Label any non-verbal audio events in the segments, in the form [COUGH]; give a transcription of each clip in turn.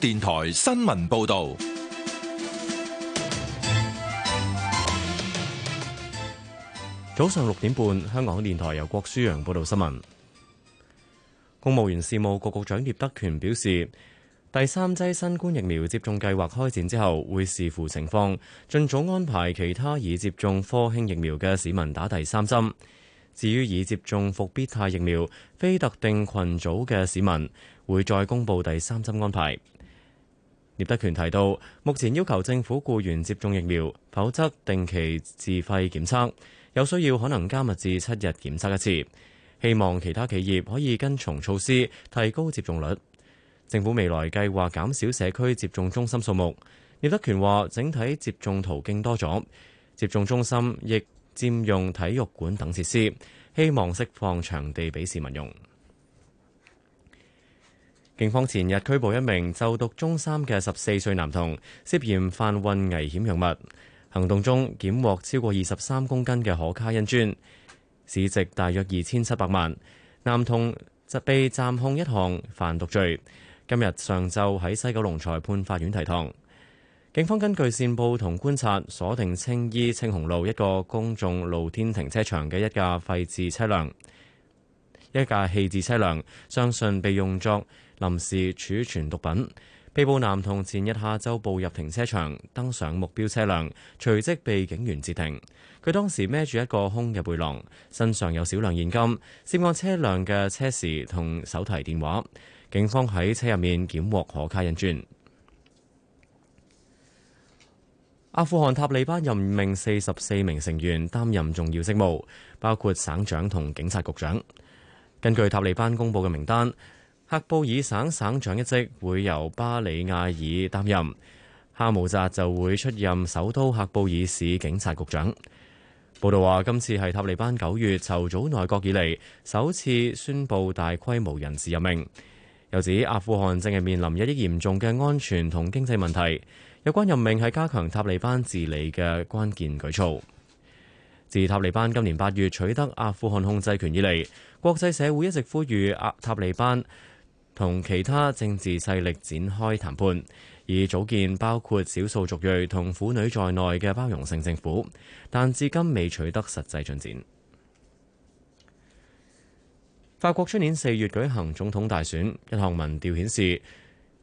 電台新聞報道，早上六點半，香港電台由郭書陽報道新聞。公務員事務局局長聶德權表示，第三劑新冠疫苗接種計劃開展之後，會視乎情況盡早安排其他已接種科興疫苗嘅市民打第三針。至於已接種復必泰疫苗非特定群組嘅市民，會再公布第三針安排。聶德權提到，目前要求政府僱員接種疫苗，否則定期自費檢測，有需要可能加密至七日檢測一次。希望其他企業可以跟從措施，提高接種率。政府未來計劃減少社區接種中心數目。聶德權話，整體接種途徑多咗，接種中心亦佔用體育館等設施，希望釋放場地俾市民用。警方前日拘捕一名就讀中三嘅十四歲男童，涉嫌販運危險藥物。行動中檢獲超過二十三公斤嘅可卡因磚，市值大約二千七百萬。男童則被暫控一項販毒罪。今日上晝喺西九龍裁判法院提堂。警方根據線報同觀察，鎖定青衣青紅路一個公眾露天停車場嘅一架廢置車輛，一架棄置車輛，相信被用作臨時儲存毒品。被捕男同前日下晝步入停車場，登上目標車輛，隨即被警員截停。佢當時孭住一個空嘅背囊，身上有少量現金、涉案車輛嘅車匙同手提電話。警方喺車入面檢獲可卡因磚。阿富汗塔利班任命四十四名成員擔任重要職務，包括省長同警察局長。根據塔利班公佈嘅名單，赫布爾省省省長一職會由巴里亞爾擔任，哈姆扎就會出任首都赫布爾市警察局長。報道話，今次係塔利班九月籌組內閣以嚟首次宣布大規模人事任命。又指阿富汗正係面臨日益嚴重嘅安全同經濟問題，有關任命係加強塔利班治理嘅關鍵舉措。自塔利班今年八月取得阿富汗控制權以嚟，國際社會一直呼籲阿塔利班。同其他政治勢力展開談判，以組建包括少數族裔同婦女在內嘅包容性政府，但至今未取得實際進展。法國出年四月舉行總統大選，一項民調顯示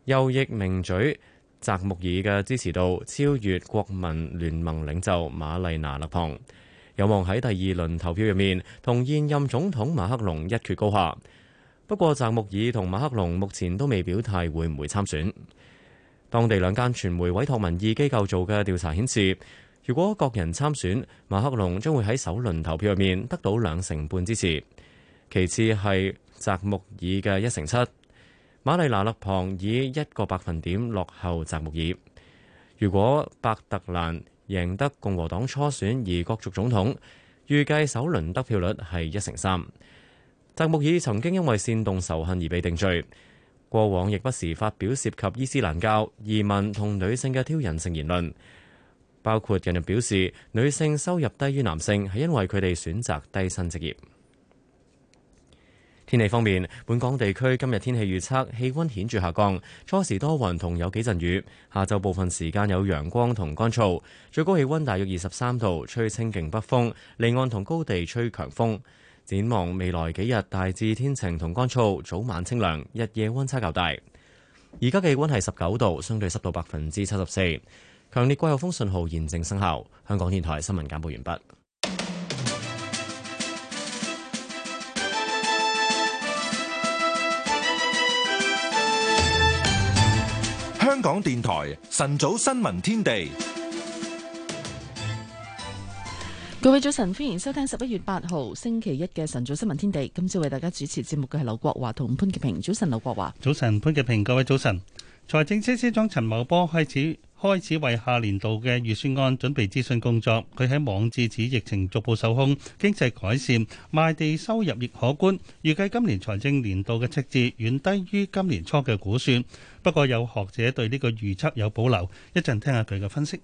右翼名嘴澤穆爾嘅支持度超越國民聯盟領袖馬麗娜勒龐，有望喺第二輪投票入面同現任總統馬克龍一決高下。不過，澤穆爾同馬克龍目前都未表態會唔會參選。當地兩間傳媒委託民意機構做嘅調查顯示，如果各人參選，馬克龍將會喺首輪投票入面得到兩成半支持，其次係澤穆爾嘅一成七，瑪麗娜勒旁以一個百分點落後澤穆爾。如果伯特蘭贏得共和黨初選而角逐總統，預計首輪得票率係一成三。澤木爾曾經因為煽動仇恨而被定罪，過往亦不時發表涉及伊斯蘭教、移民同女性嘅挑釁性言論，包括近日表示女性收入低於男性係因為佢哋選擇低薪職業。天氣方面，本港地區今日天氣預測氣温顯著下降，初時多雲同有幾陣雨，下晝部分時間有陽光同乾燥，最高氣温大約二十三度，吹清勁北風，離岸同高地吹強風。展望未來幾日，大致天晴同乾燥，早晚清涼，日夜溫差較大。而家氣溫係十九度，相對濕度百分之七十四，強烈季候風信號現正生效。香港電台新聞簡報完畢。香港電台晨早新聞天地。各位早晨，歡迎收聽十一月八號星期一嘅晨早新聞天地。今朝為大家主持節目嘅係劉國華同潘潔平。早晨，劉國華。早晨，潘潔平。各位早晨。財政司司長陳茂波開始開始為下年度嘅預算案準備諮詢工作。佢喺網誌指疫情逐步受控，經濟改善，賣地收入亦可觀。預計今年財政年度嘅赤字遠低於今年初嘅估算。不過有學者對呢個預測有保留。一陣聽下佢嘅分析。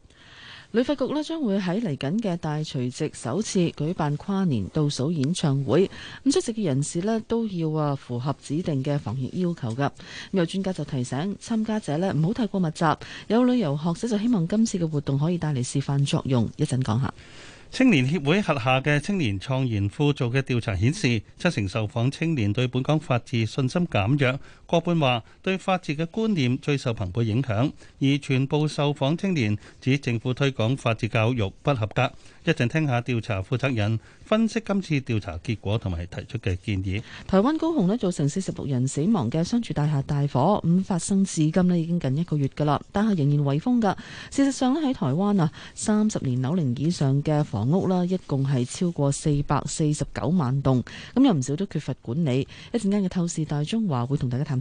旅發局咧將會喺嚟緊嘅大除夕首次舉辦跨年倒數演唱會，咁出席嘅人士呢都要啊符合指定嘅防疫要求嘅。有專家就提醒參加者呢唔好太過密集。有旅遊學者就希望今次嘅活動可以帶嚟示範作用。講一陣講下青年協會轄下嘅青年創研副做嘅調查顯示，七成受訪青年對本港法治信心減弱。過半話：對法治嘅觀念最受朋輩影響，而全部受訪青年指政府推廣法治教育不合格。一陣聽下調查負責人分析今次調查結果同埋提出嘅建議。台灣高雄咧造成四十六人死亡嘅商住大廈大火，咁發生至今咧已經近一個月㗎啦，但係仍然圍封㗎。事實上咧喺台灣啊，三十年樓齡以上嘅房屋啦，一共係超過四百四十九萬棟，咁有唔少都缺乏管理。一陣間嘅透視大中華會同大家談。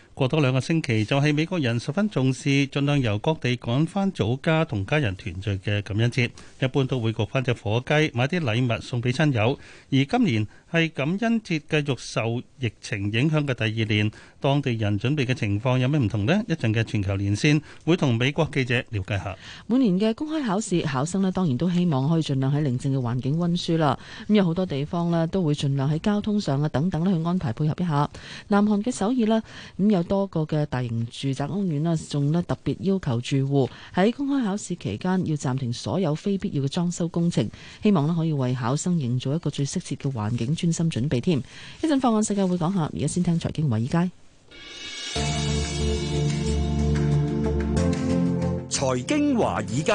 過多兩個星期就係美國人十分重視，盡量由各地趕返祖家同家人團聚嘅感恩節，一般都會焗翻隻火雞，買啲禮物送俾親友。而今年係感恩節繼續受疫情影響嘅第二年，當地人準備嘅情況有咩唔同呢？一陣嘅全球連線會同美國記者了解下。每年嘅公開考試，考生呢當然都希望可以盡量喺寧靜嘅環境溫書啦。咁有好多地方呢都會盡量喺交通上啊等等呢去安排配合一下。南韓嘅首爾咧咁有，多個嘅大型住宅屋苑咧，仲咧特別要求住戶喺公開考試期間要暫停所有非必要嘅裝修工程，希望咧可以為考生營造一個最適切嘅環境，專心準備添。一陣方案世界會講下，而家先聽財經華爾街。財經華爾街，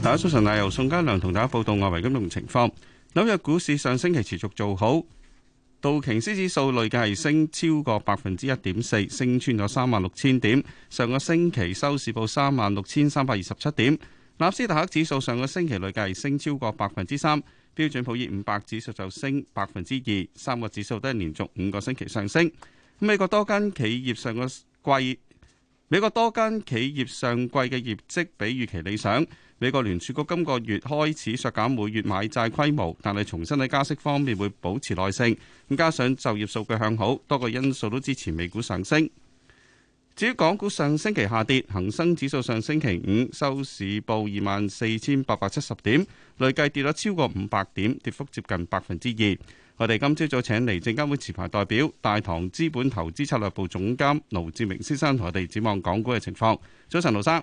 大家早晨，我由宋嘉良同大家報道外圍金融情況。紐約股市上星期持續做好。道瓊斯指數累計係升超過百分之一點四，升穿咗三萬六千點。上個星期收市報三萬六千三百二十七點。納斯達克指數上個星期累計升超過百分之三，標準普爾五百指數就升百分之二。三個指數都係連續五個星期上升。美國多間企業上個季，美國多間企業上季嘅業績比預期理想。美國聯儲局今個月開始削減每月買債規模，但係重新喺加息方面會保持耐性。咁加上就業數據向好，多個因素都支持美股上升。至於港股上星期下跌，恒生指數上星期五收市報二萬四千八百七十點，累計跌咗超過五百點，跌幅接近百分之二。我哋今朝早請嚟證監會持牌代表、大堂資本投資策略部總監盧志明先生，同我哋展望港股嘅情況。早晨，盧生。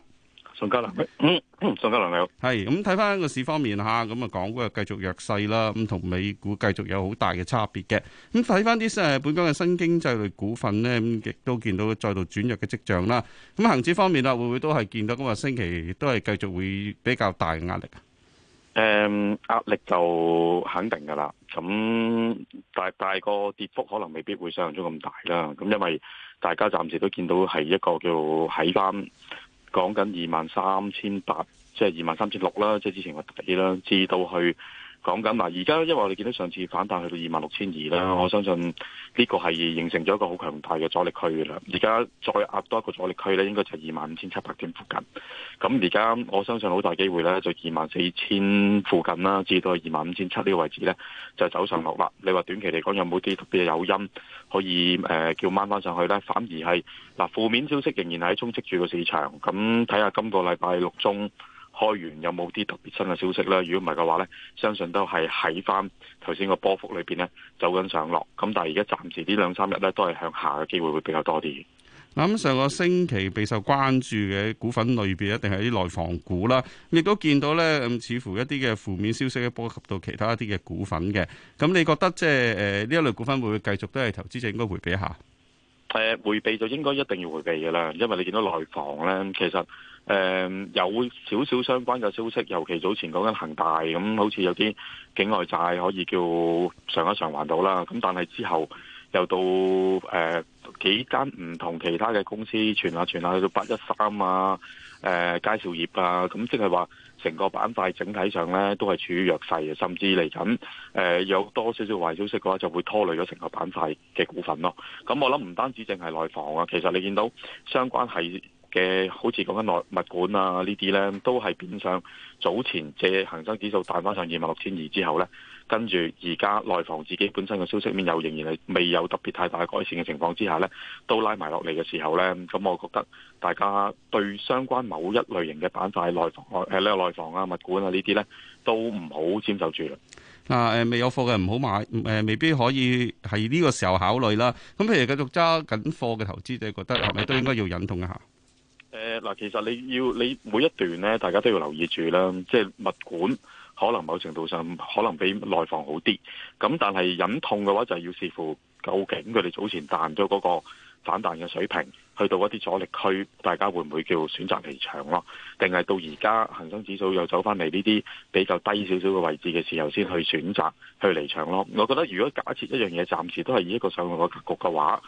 宋嘉良，宋、嗯、嘉良你好，係咁睇翻個市方面吓，咁啊港股又繼續弱勢啦，咁同美股繼續有好大嘅差別嘅。咁睇翻啲誒，本港嘅新經濟類股份咧，咁亦都見到再度轉弱嘅跡象啦。咁恒指方面啦，會唔會都係見到今個星期都係繼續會比較大嘅壓力？誒、嗯，壓力就肯定噶啦，咁但係大個跌幅可能未必會想象中咁大啦。咁因為大家暫時都見到係一個叫喺翻。講緊二萬三千八，即係二萬三千六啦，即係之前個底啦，至到去。講緊嗱，而家因為我哋見到上次反彈去到二萬六千二啦，我相信呢個係形成咗一個好強大嘅阻力區嘅啦。而家再壓多一個阻力區咧，應該就係二萬五千七百點附近。咁而家我相信好大機會咧，就二萬四千附近啦，至到二萬五千七呢個位置咧，就走上落啦。Yeah. 你話短期嚟講有冇啲特別嘅誘因可以、呃、叫掹翻上去咧？反而係嗱，負面消息仍然喺充斥住個市場。咁睇下今個禮拜六中。開完有冇啲特別新嘅消息咧？如果唔係嘅話呢，相信都係喺翻頭先個波幅裏邊呢走緊上落。咁但係而家暫時呢兩三日呢都係向下嘅機會會比較多啲。咁上個星期備受關注嘅股份類別，一定係啲內房股啦。亦都見到呢，咁似乎一啲嘅負面消息咧，波及到其他一啲嘅股份嘅。咁你覺得即係呢一類股份會繼續都係投資者應該回避一下？誒，回避就應該一定要回避嘅啦，因為你見到內房呢，其實。誒、嗯，有少少相關嘅消息，尤其早前講緊恒大咁，好似有啲境外債可以叫上一上還到啦。咁但係之後又到誒、嗯、幾間唔同其他嘅公司傳下傳下去到八一三啊、誒、啊、介紹業啊，咁即係話成個板塊整體上咧都係處於弱勢嘅，甚至嚟緊誒有多少少壞消息嘅話，就會拖累咗成個板塊嘅股份咯。咁我諗唔單止淨係內房啊，其實你見到相關係。嘅好似講緊內物管啊呢啲咧，都係變相。早前借恒生指數彈翻上二萬六千二之後咧，跟住而家內房自己本身嘅消息面又仍然係未有特別太大，大改善嘅情況之下咧，都拉埋落嚟嘅時候咧，咁我覺得大家對相關某一類型嘅板塊內房誒，呢個內房啊、物管啊呢啲咧，都唔好沾手住啦。誒、啊呃、未有貨嘅唔好買，誒、呃、未必可以係呢個時候考慮啦。咁譬如繼續揸緊貨嘅投資者，覺得係咪都應該要忍痛一下？誒嗱，其實你要你每一段咧，大家都要留意住啦。即係物管可能某程度上可能比內房好啲，咁但係忍痛嘅話，就要視乎究竟佢哋早前彈咗嗰個反彈嘅水平，去到一啲阻力區，大家會唔會叫選擇離場咯？定係到而家恒生指數又走翻嚟呢啲比較低少少嘅位置嘅時候，先去選擇去離場咯？我覺得如果假設一樣嘢暫時都係以一個上落嘅格局嘅話，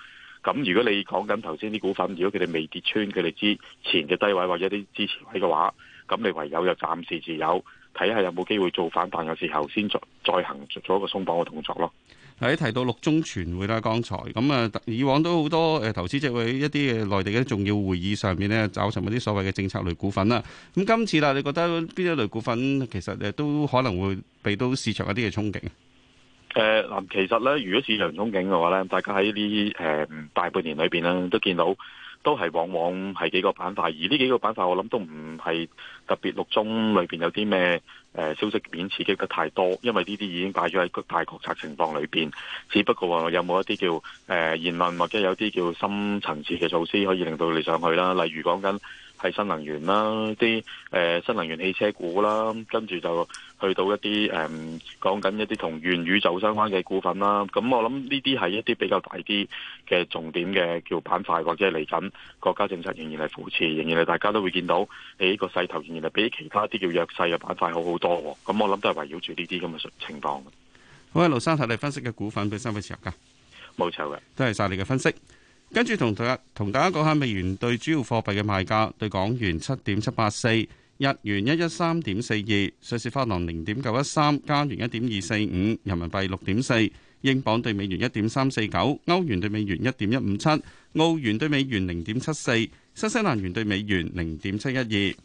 咁如果你講緊頭先啲股份，如果佢哋未跌穿佢哋之前嘅低位或者啲支持位嘅話，咁你唯有就暫時持有，睇下有冇機會做反彈，有時候先再再行做一個鬆綁嘅動作咯。喺提到六中全會啦，剛才咁啊，以往都好多誒投資者會喺一啲內地嘅重要會議上面咧，找尋一啲所謂嘅政策類股份啦。咁今次啦，你覺得邊一類股份其實都可能會畀到市場一啲嘅憧憬？誒，嗱，其實咧，如果市場憧憬嘅話咧，大家喺呢誒大半年裏邊咧，都見到都係往往係幾個板塊，而呢幾個板塊我諗都唔係特別六中裏邊有啲咩誒消息面刺激得太多，因為呢啲已經擺咗喺個大國策情況裏邊，只不過話有冇一啲叫誒、呃、言論或者有啲叫深層次嘅措施，可以令到你上去啦，例如講緊係新能源啦，啲誒、呃、新能源汽車股啦，跟住就。去到一啲誒講緊一啲同元宇宙相關嘅股份啦，咁我諗呢啲係一啲比較大啲嘅重點嘅叫板塊，或者係嚟緊國家政策仍然係扶持，仍然係大家都會見到，呢個勢頭仍然係比其他啲叫弱勢嘅板塊好好多。咁我諗都係圍繞住呢啲咁嘅情況。好，阿盧生睇你分析嘅股份俾三位持有㗎？冇錯嘅，都係曬你嘅分析。跟住同同大家講下美元對主要貨幣嘅賣價，對港元七點七八四。日元一一三點四二，瑞士法郎零點九一三，加元一點二四五，人民幣六點四，英鎊兌美元一點三四九，歐元兌美元一點一五七，澳元兌美元零點七四，新西蘭元兌美元零點七一二。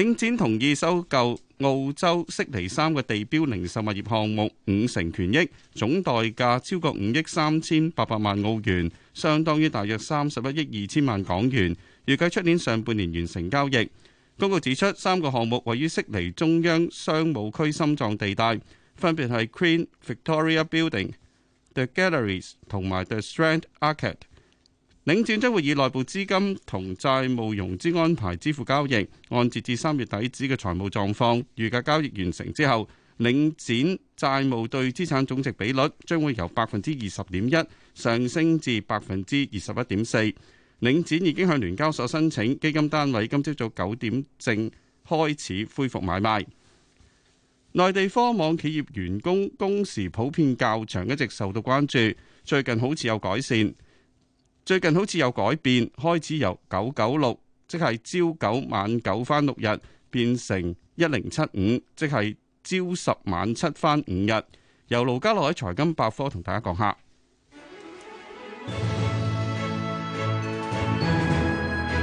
領展同意收購澳洲悉尼三個地標零售物業項目五成權益，總代價超過五億三千八百萬澳元，相當於大約三十一億二千萬港元。預計出年上半年完成交易。公告指出，三個項目位於悉尼中央商務區心臟地帶，分別係 Queen Victoria Building、The Galleries 同埋 The Strand Arcade。領展將會以內部資金同債務融資安排支付交易。按截至三月底止嘅財務狀況，預計交易完成之後，領展債務對資產總值比率將會由百分之二十點一上升至百分之二十一點四。領展已經向聯交所申請基金單位，今朝早九點正開始恢復買賣。內地科網企業員工工時普遍較長，一直受到關注。最近好似有改善，最近好似有改變，開始由九九六，即係朝九晚九翻六日，變成一零七五，即係朝十晚七翻五日。由盧家樂喺《財金百科》同大家講下。 [NOISE]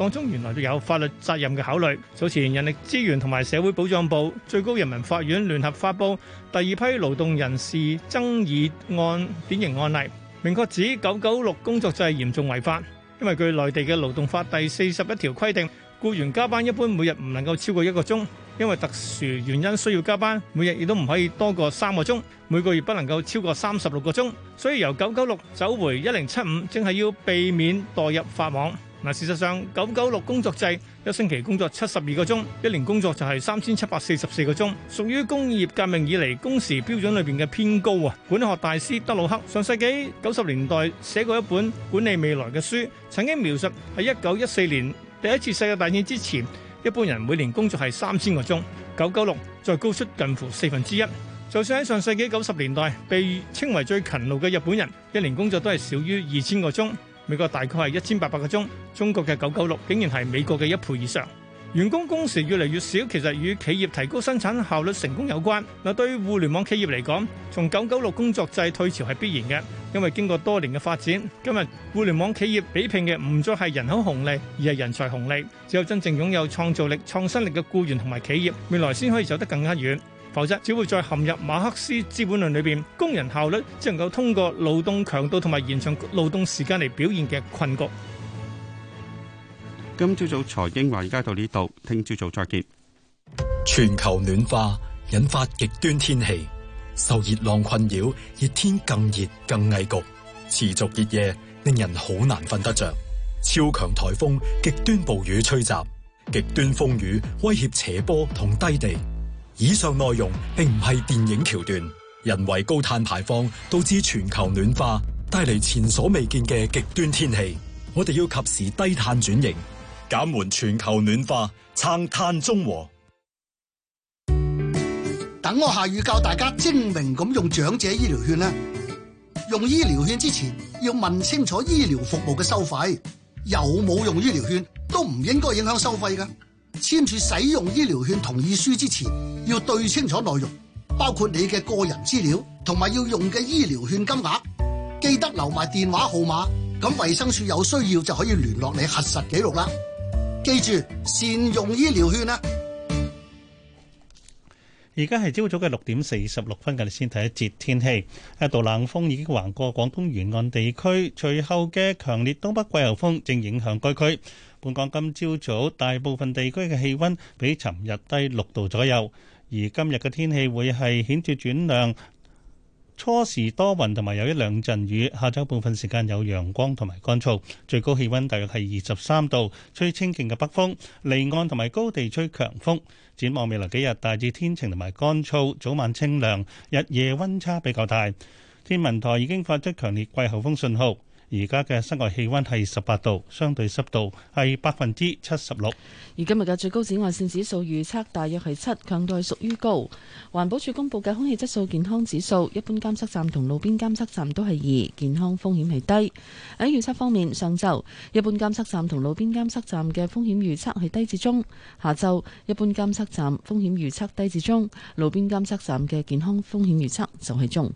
當中原來都有法律責任嘅考慮。早前人力資源同埋社會保障部、最高人民法院聯合發布第二批勞動人事爭議案典型案例，明確指九九六工作制嚴重違法，因為據內地嘅《勞動法》第四十一條規定，僱員加班一般每日唔能夠超過一個鐘，因為特殊原因需要加班，每日亦都唔可以多過三個鐘，每個月不能夠超過三十六個鐘。所以由九九六走回一零七五，正係要避免墮入法網。嗱，事實上，九九六工作制，一星期工作七十二個鐘，一年工作就係三千七百四十四個鐘，屬於工業革命以嚟工時標準裏邊嘅偏高啊。管理學大師德魯克上世紀九十年代寫過一本《管理未來》嘅書，曾經描述喺一九一四年第一次世界大戰之前，一般人每年工作係三千個鐘，九九六再高出近乎四分之一。就算喺上世紀九十年代，被稱為最勤勞嘅日本人，一年工作都係少於二千個鐘。美國大概係一千八百個鐘，中國嘅九九六竟然係美國嘅一倍以上。員工工時越嚟越少，其實與企業提高生產效率成功有關。嗱，對於互聯網企業嚟講，從九九六工作制退潮係必然嘅，因為經過多年嘅發展，今日互聯網企業比拼嘅唔再係人口紅利，而係人才紅利。只有真正擁有創造力、創新力嘅僱員同埋企業，未來先可以走得更加遠。否則只會再陷入馬克思資本論裏邊，工人效率只能夠通過勞動強度同埋延長勞動時間嚟表現嘅困局。今朝早財經華爾街到呢度，聽朝早再見。全球暖化引發極端天氣，受熱浪困擾，熱天更熱更危局，持續熱夜令人好難瞓得着。超強台風、極端暴雨吹襲，極端風雨威脅斜坡同低地。以上內容並唔係電影橋段，人為高碳排放導致全球暖化，帶嚟前所未見嘅極端天氣。我哋要及時低碳轉型，減緩全球暖化，撐碳中和。等我下月教大家精明咁用長者醫療券啦。用醫療券之前要問清楚醫療服務嘅收費，有冇用醫療券都唔應該影響收費噶。簽署使用醫療券同意書之前，要對清楚內容，包括你嘅個人資料同埋要用嘅醫療券金額，記得留埋電話號碼，咁衛生署有需要就可以聯絡你核實記錄啦。記住善用醫療券啊！而家係朝早嘅六點四十六分，我哋先睇一節天氣，一道冷鋒已經橫過廣東沿岸地區，隨後嘅強烈東北季候風正影響該區。本港今朝早，大部分地區嘅氣溫，而家嘅室外氣溫係十八度，相對濕度係百分之七十六。而今日嘅最高紫外線指數預測大約係七，強度係屬於高。環保署公布嘅空氣質素健康指數，一般監測站同路邊監測站都係二，健康風險係低。喺預測方面，上晝一般監測站同路邊監測站嘅風險預測係低至中，下晝一般監測站風險預測低至中，路邊監測站嘅健康風險預測就係中。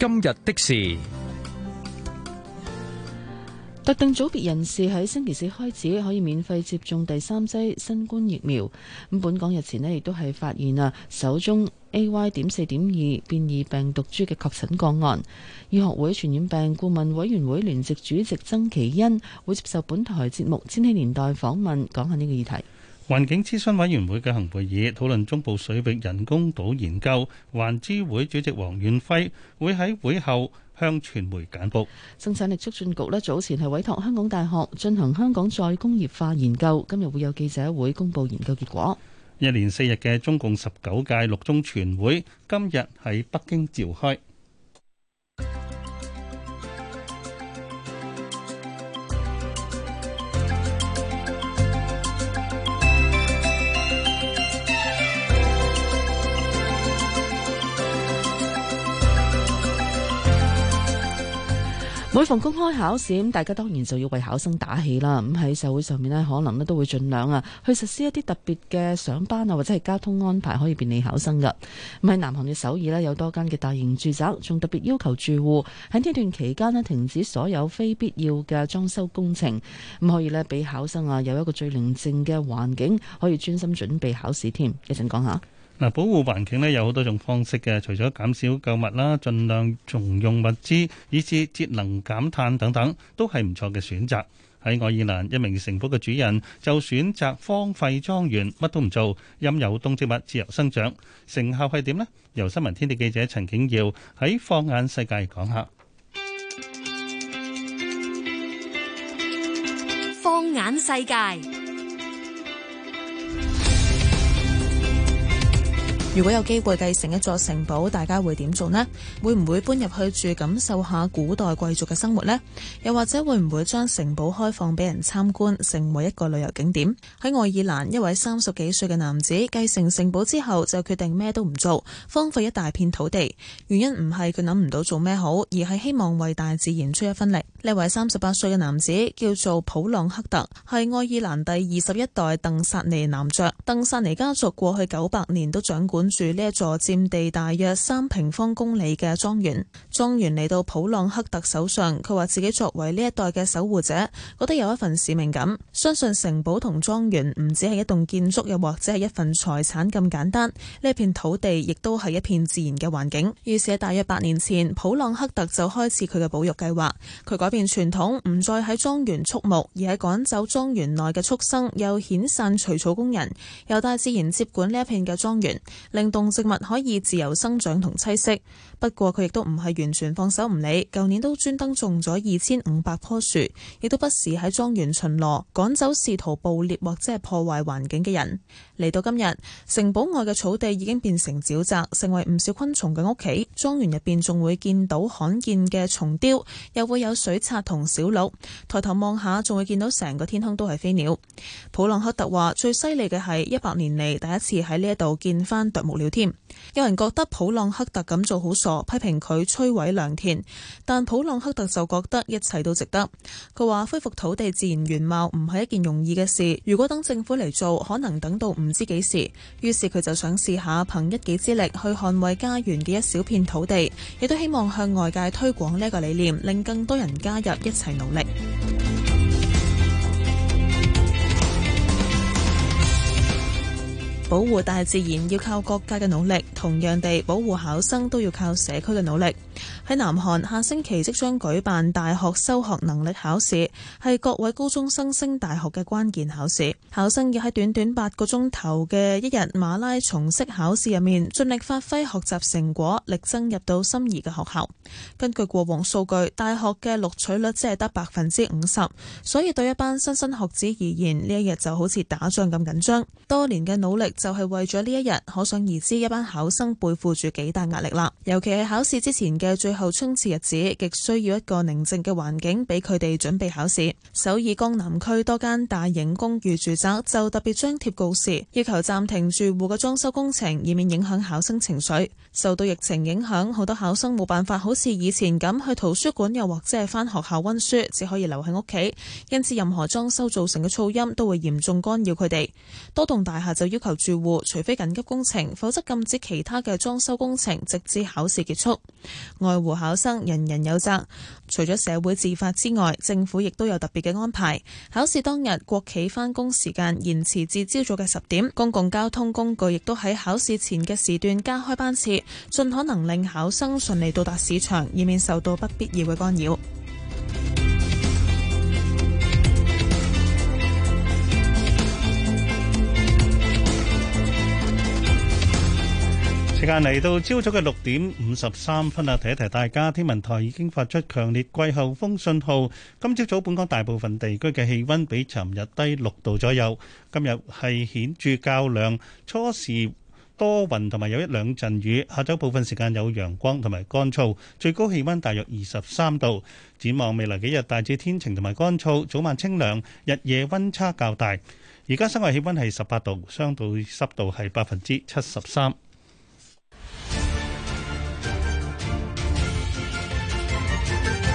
今日的事，特定組別人士喺星期四開始可以免費接種第三劑新冠疫苗。咁，本港日前呢亦都係發現啊，首宗 AY 點四點二變異病毒株嘅確診個案。醫學會傳染病顧問委員會聯席主席曾祈殷會接受本台節目《千禧年代》訪問，講下呢個議題。環境諮詢委員會舉行會議討論中部水域人工島研究，環資會主席黃遠輝會喺會後向傳媒簡報。生產力促進局呢早前係委託香港大學進行香港再工業化研究，今日會有記者會公布研究結果。一連四日嘅中共十九屆六中全會今日喺北京召開。每逢公開考試，咁大家當然就要為考生打氣啦。咁喺社會上面咧可能咧都會盡量啊去實施一啲特別嘅上班啊，或者係交通安排可以便利考生噶。咁喺南韓嘅首爾咧有多間嘅大型住宅，仲特別要求住戶喺呢段期間咧停止所有非必要嘅裝修工程，咁可以咧俾考生啊有一個最寧靜嘅環境，可以專心準備考試添。講一陣講下。嗱，保護環境有好多種方式嘅，除咗減少購物啦，盡量重用物資，以至節能減碳等等，都係唔錯嘅選擇。喺愛爾蘭，一名城堡嘅主人就選擇荒廢莊園，乜都唔做，任由動植物自由生長，成效係點呢？由新聞天地記者陳景耀喺《放眼世界》講下，《放眼世界》。如果有機會繼承一座城堡，大家會點做呢？會唔會搬入去住，感受下古代貴族嘅生活呢？又或者會唔會將城堡開放俾人參觀，成為一個旅遊景點？喺愛爾蘭，一位三十幾歲嘅男子繼承城堡之後，就決定咩都唔做，荒廢一大片土地。原因唔係佢諗唔到做咩好，而係希望為大自然出一分力。呢位三十八歲嘅男子叫做普朗克特，係愛爾蘭第二十一代鄧薩尼男爵。鄧薩尼家族過去九百年都掌管。管住呢一座佔地大約三平方公里嘅莊園，莊園嚟到普朗克特手上，佢話自己作為呢一代嘅守護者，覺得有一份使命感。相信城堡同莊園唔只係一棟建築又或者係一份財產咁簡單，呢一片土地亦都係一片自然嘅環境。於是大約八年前，普朗克特就開始佢嘅保育計劃，佢改變傳統，唔再喺莊園畜牧，而係趕走莊園內嘅畜生，又遣散除草工人，由大自然接管呢一片嘅莊園。令動植物可以自由生長同棲息。不過佢亦都唔係完全放手唔理，舊年都專登種咗二千五百棵樹，亦都不時喺莊園巡邏，趕走試圖捕獵或者係破壞環境嘅人。嚟到今日，城堡外嘅草地已經變成沼澤，成為唔少昆蟲嘅屋企。莊園入邊仲會見到罕見嘅松雕，又會有水獺同小鹿。抬頭望下，仲會見到成個天空都係飛鳥。普朗克特話最犀利嘅係一百年嚟第一次喺呢一度見返啄木鳥添。有人覺得普朗克特咁做好傻。批評佢摧毀良田，但普朗克特就覺得一切都值得。佢話恢復土地自然原貌唔係一件容易嘅事，如果等政府嚟做，可能等到唔知幾時。於是佢就想試下憑一己之力去捍衛家園嘅一小片土地，亦都希望向外界推廣呢個理念，令更多人加入一齊努力。保護大自然要靠國家嘅努力，同樣地保護考生都要靠社區嘅努力。喺南韓，下星期即將舉辦大學修學能力考試，係各位高中生升大學嘅關鍵考試。考生要喺短短八個鐘頭嘅一日馬拉松式考試入面，盡力發揮學習成果，力爭入到心儀嘅學校。根據過往數據，大學嘅錄取率只係得百分之五十，所以對一班新生學子而言，呢一日就好似打仗咁緊張。多年嘅努力。就係為咗呢一日，可想而知一班考生背負住幾大壓力啦。尤其係考試之前嘅最後衝刺日子，極需要一個寧靜嘅環境俾佢哋準備考試。首爾江南區多間大型公寓住宅就特別張貼告示，要求暫停住戶嘅裝修工程，以免影響考生情緒。受到疫情影響，好多考生冇辦法好似以前咁去圖書館，又或者係翻學校溫書，只可以留喺屋企。因此，任何裝修造成嘅噪音都會嚴重干擾佢哋。多棟大廈就要求住住戶除非緊急工程，否則禁止其他嘅裝修工程，直至考試結束。愛護考生，人人有責。除咗社會自發之外，政府亦都有特別嘅安排。考試當日，國企返工時間延遲至朝早嘅十點，公共交通工具亦都喺考試前嘅時段加開班次，盡可能令考生順利到達市場，以免受到不必要嘅干擾。時間嚟到朝早嘅六點五十三分啊，提一提大家，天文台已經發出強烈季候風信號。今朝早本港大部分地區嘅氣溫比尋日低六度左右。今日係顯著較涼，初時多雲同埋有一兩陣雨，下晝部分時間有陽光同埋乾燥，最高氣溫大約二十三度。展望未來幾日，大致天晴同埋乾燥，早晚清涼，日夜溫差較大。而家室外氣溫係十八度，相對濕度係百分之七十三。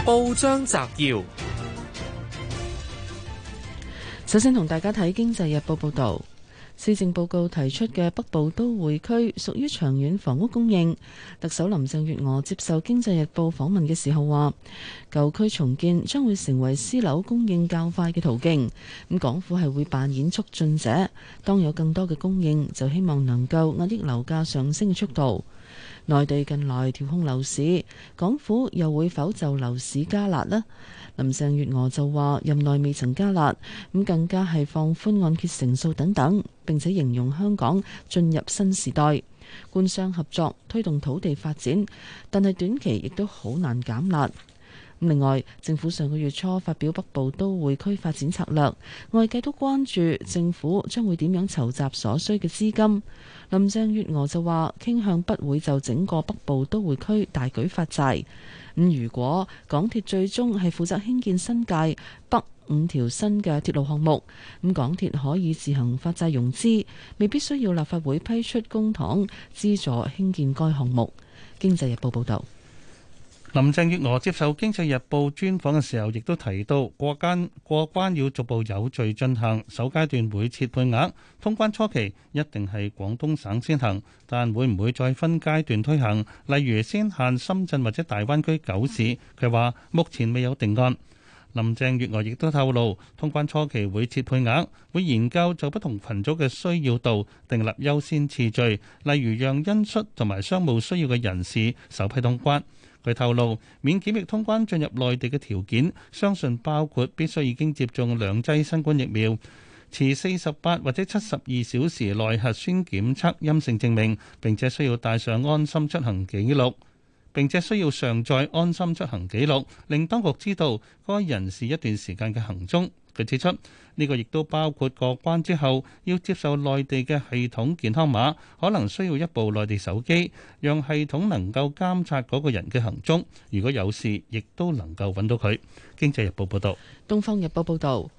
報章摘要，首先同大家睇《經濟日報》報道，施政報告提出嘅北部都會區屬於長遠房屋供應。特首林鄭月娥接受《經濟日報》訪問嘅時候話，舊區重建將會成為私樓供應較快嘅途徑。咁港府係會扮演促進者，當有更多嘅供應，就希望能夠壓抑樓價上升嘅速度。內地近來調控樓市，港府又會否就樓市加辣呢？林鄭月娥就話任內未曾加辣，咁更加係放寬按揭成數等等，並且形容香港進入新時代，官商合作推動土地發展，但係短期亦都好難減辣。另外，政府上個月初發表北部都會區發展策略，外界都關注政府將會點樣籌集所需嘅資金。林鄭月娥就話傾向不會就整個北部都會區大舉發債。咁如果港鐵最終係負責興建新界北五條新嘅鐵路項目，咁港鐵可以自行發債融資，未必需要立法會批出公帑資助興建該項目。經濟日報報導。林鄭月娥接受《經濟日報》專訪嘅時候，亦都提到過關過關要逐步有序進行，首階段會設配額，通關初期一定係廣東省先行，但會唔會再分階段推行，例如先限深圳或者大灣區九市，佢話目前未有定案。林鄭月娥亦都透露，通關初期會設配額，會研究就不同群組嘅需要度訂立優先次序，例如讓因恤同埋商務需要嘅人士首批通關。佢透露，免檢疫通關進入內地嘅條件，相信包括必須已經接種兩劑新冠疫苗，持四十八或者七十二小時內核酸檢測陰性證明，並且需要帶上安心出行記錄。並且需要上載安心出行記錄，令當局知道該人士一段時間嘅行蹤。佢指出，呢個亦都包括過關之後要接受內地嘅系統健康碼，可能需要一部內地手機，讓系統能夠監察嗰個人嘅行蹤。如果有事，亦都能夠揾到佢。經濟日報報道。東方日報報導。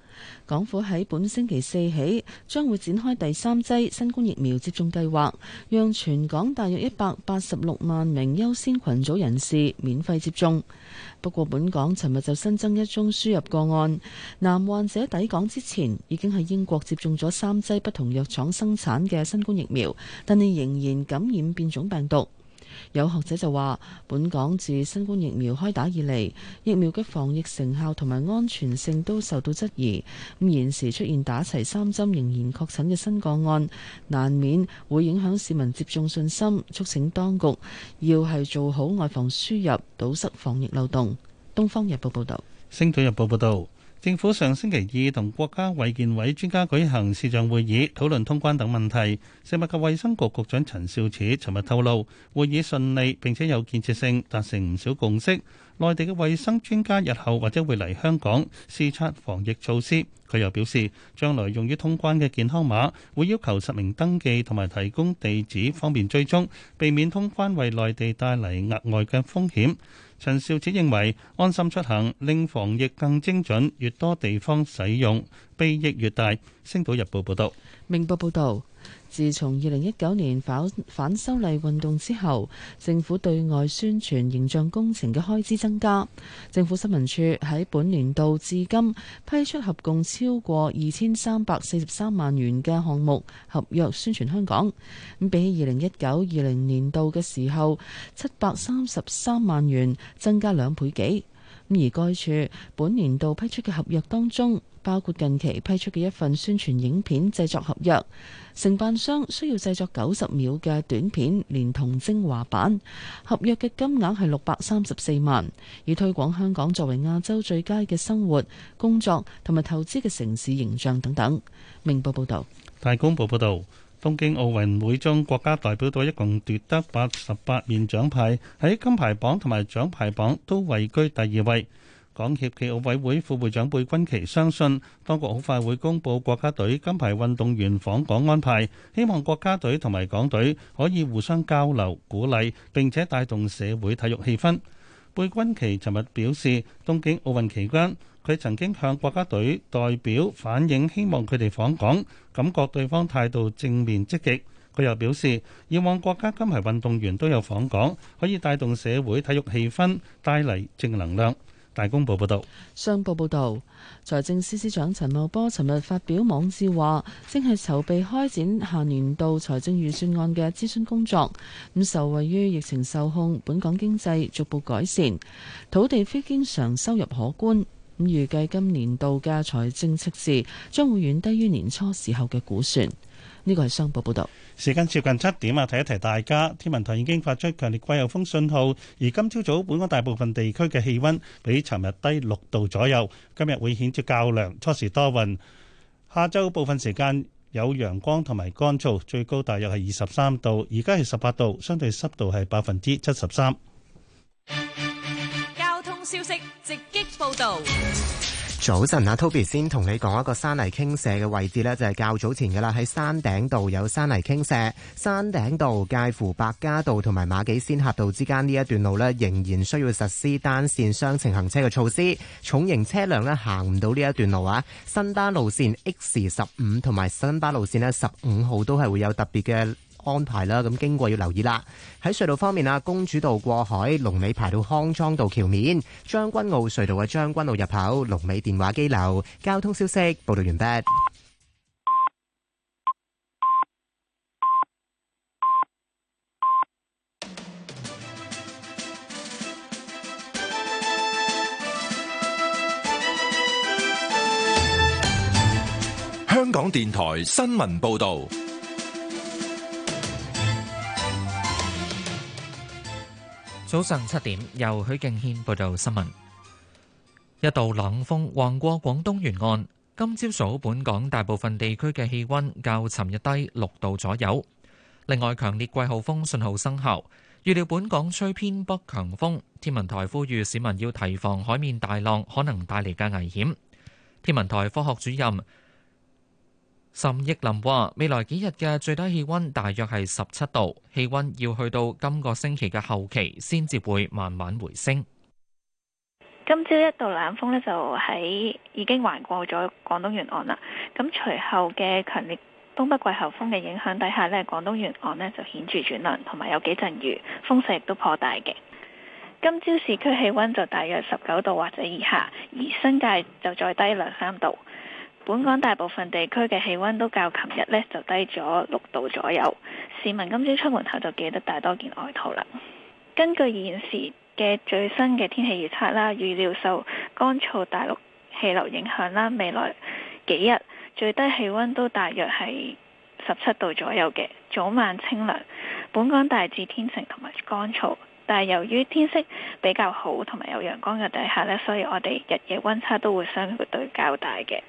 港府喺本星期四起，將會展開第三劑新冠疫苗接種計劃，讓全港大約一百八十六萬名優先群組人士免費接種。不過，本港尋日就新增一宗輸入個案，男患者抵港之前已經喺英國接種咗三劑不同藥廠生產嘅新冠疫苗，但係仍然感染變種病毒。有學者就話，本港自新冠疫苗開打以嚟，疫苗嘅防疫成效同埋安全性都受到質疑。咁現時出現打齊三針仍然確診嘅新個案，難免會影響市民接種信心，促請當局要係做好外防輸入，堵塞防疫漏洞。《東方日報》報道。《星島日報》報導。政府上星期二同國家衛健委專家舉行視像會議，討論通關等問題。食物及衛生局局長陳肇始尋日透露，會議順利並且有建設性，達成唔少共識。內地嘅衛生專家日後或者會嚟香港視察防疫措施。佢又表示，將來用於通關嘅健康碼會要求實名登記同埋提供地址，方便追蹤，避免通關為內地帶嚟額外嘅風險。陳肇始認為安心出行令防疫更精準，越多地方使用，裨益越大。《星島日報》報道。明報報道。自從二零一九年反反修例運動之後，政府對外宣傳形象工程嘅開支增加。政府新聞處喺本年度至今批出合共超過二千三百四十三萬元嘅項目合約宣傳香港。咁比起二零一九、二零年度嘅時候，七百三十三萬元增加兩倍幾。而該處本年度批出嘅合約當中，包括近期批出嘅一份宣傳影片製作合約，承辦商需要製作九十秒嘅短片，連同精華版。合約嘅金額係六百三十四萬，以推廣香港作為亞洲最佳嘅生活、工作同埋投資嘅城市形象等等。明報報道。大公報報導。東京奧運會中，國家代表隊一共奪得八十八面獎牌，喺金牌榜同埋獎牌榜都位居第二位。港協暨奧委會副會長貝君琪相信，當局好快會公布國家隊金牌運動員訪港安排，希望國家隊同埋港隊可以互相交流鼓勵，並且帶動社會體育氣氛。貝君琪尋日表示，東京奧運期間，佢曾經向國家隊代表反映，希望佢哋訪港，感覺對方態度正面積極。佢又表示，以往國家金牌運動員都有訪港，可以帶動社會體育氣氛，帶嚟正能量。大公報報道，商報報道，財政司司長陳茂波尋日發表網誌話，正係籌備開展下年度財政預算案嘅諮詢工作。咁受惠於疫情受控，本港經濟逐步改善，土地非經常收入可觀。咁預計今年度嘅財政赤字將會遠低於年初時候嘅估算。呢個係商報報道。時間接近七點啊，提一提大家，天文台已經發出強烈季候風信號。而今朝早，早，本港大部分地區嘅氣溫比尋日低六度左右。今日會顯著較涼，初時多雲，下晝部分時間有陽光同埋乾燥，最高大約係二十三度。而家係十八度，相對濕度係百分之七十三。消息直擊報道。早晨啊，Toby 先同你講一個山泥傾瀉嘅位置咧，就係較早前噶啦，喺山頂度有山泥傾瀉，山頂道介乎百家道同埋馬己仙峽道之間呢一段路咧，仍然需要實施單線雙程行車嘅措施，重型車輛咧行唔到呢一段路啊。新，路新巴路線 X 十五同埋新巴路線呢十五號都係會有特別嘅。安排啦，咁經過要留意啦。喺隧道方面啊，公主道過海龍尾排到康莊道橋面，將軍澳隧道嘅將軍澳入口龍尾電話機樓。交通消息報道完畢。香港電台新聞報道。早上七點，由許敬軒報道新聞。一道冷鋒橫過廣東沿岸，今朝早，早本港大部分地區嘅氣溫較尋日低六度左右。另外，強烈季候風信號生效，預料本港吹偏北強風。天文台呼籲市民要提防海面大浪可能帶嚟嘅危險。天文台科學主任，沈益林話，未來幾日嘅最低氣溫大約係十七度，氣溫要去到今個星期嘅後期先至會慢慢回升。今朝一道冷鋒呢，就喺已經橫過咗廣東沿岸啦，咁隨後嘅強烈東北季候風嘅影響底下呢，廣東沿岸呢就顯著轉涼，同埋有幾陣雨，風勢亦都頗大嘅。今朝市區氣溫就大約十九度或者以下，而新界就再低兩三度。本港大部分地區嘅氣温都較琴日呢就低咗六度左右，市民今朝出門口就記得帶多件外套啦。根據現時嘅最新嘅天氣預測啦，預料受乾燥大陸氣流影響啦，未來幾日最低氣温都大約係十七度左右嘅，早晚清涼。本港大致天晴同埋乾燥，但係由於天色比較好同埋有陽光嘅底下呢，所以我哋日夜温差都會相對較大嘅。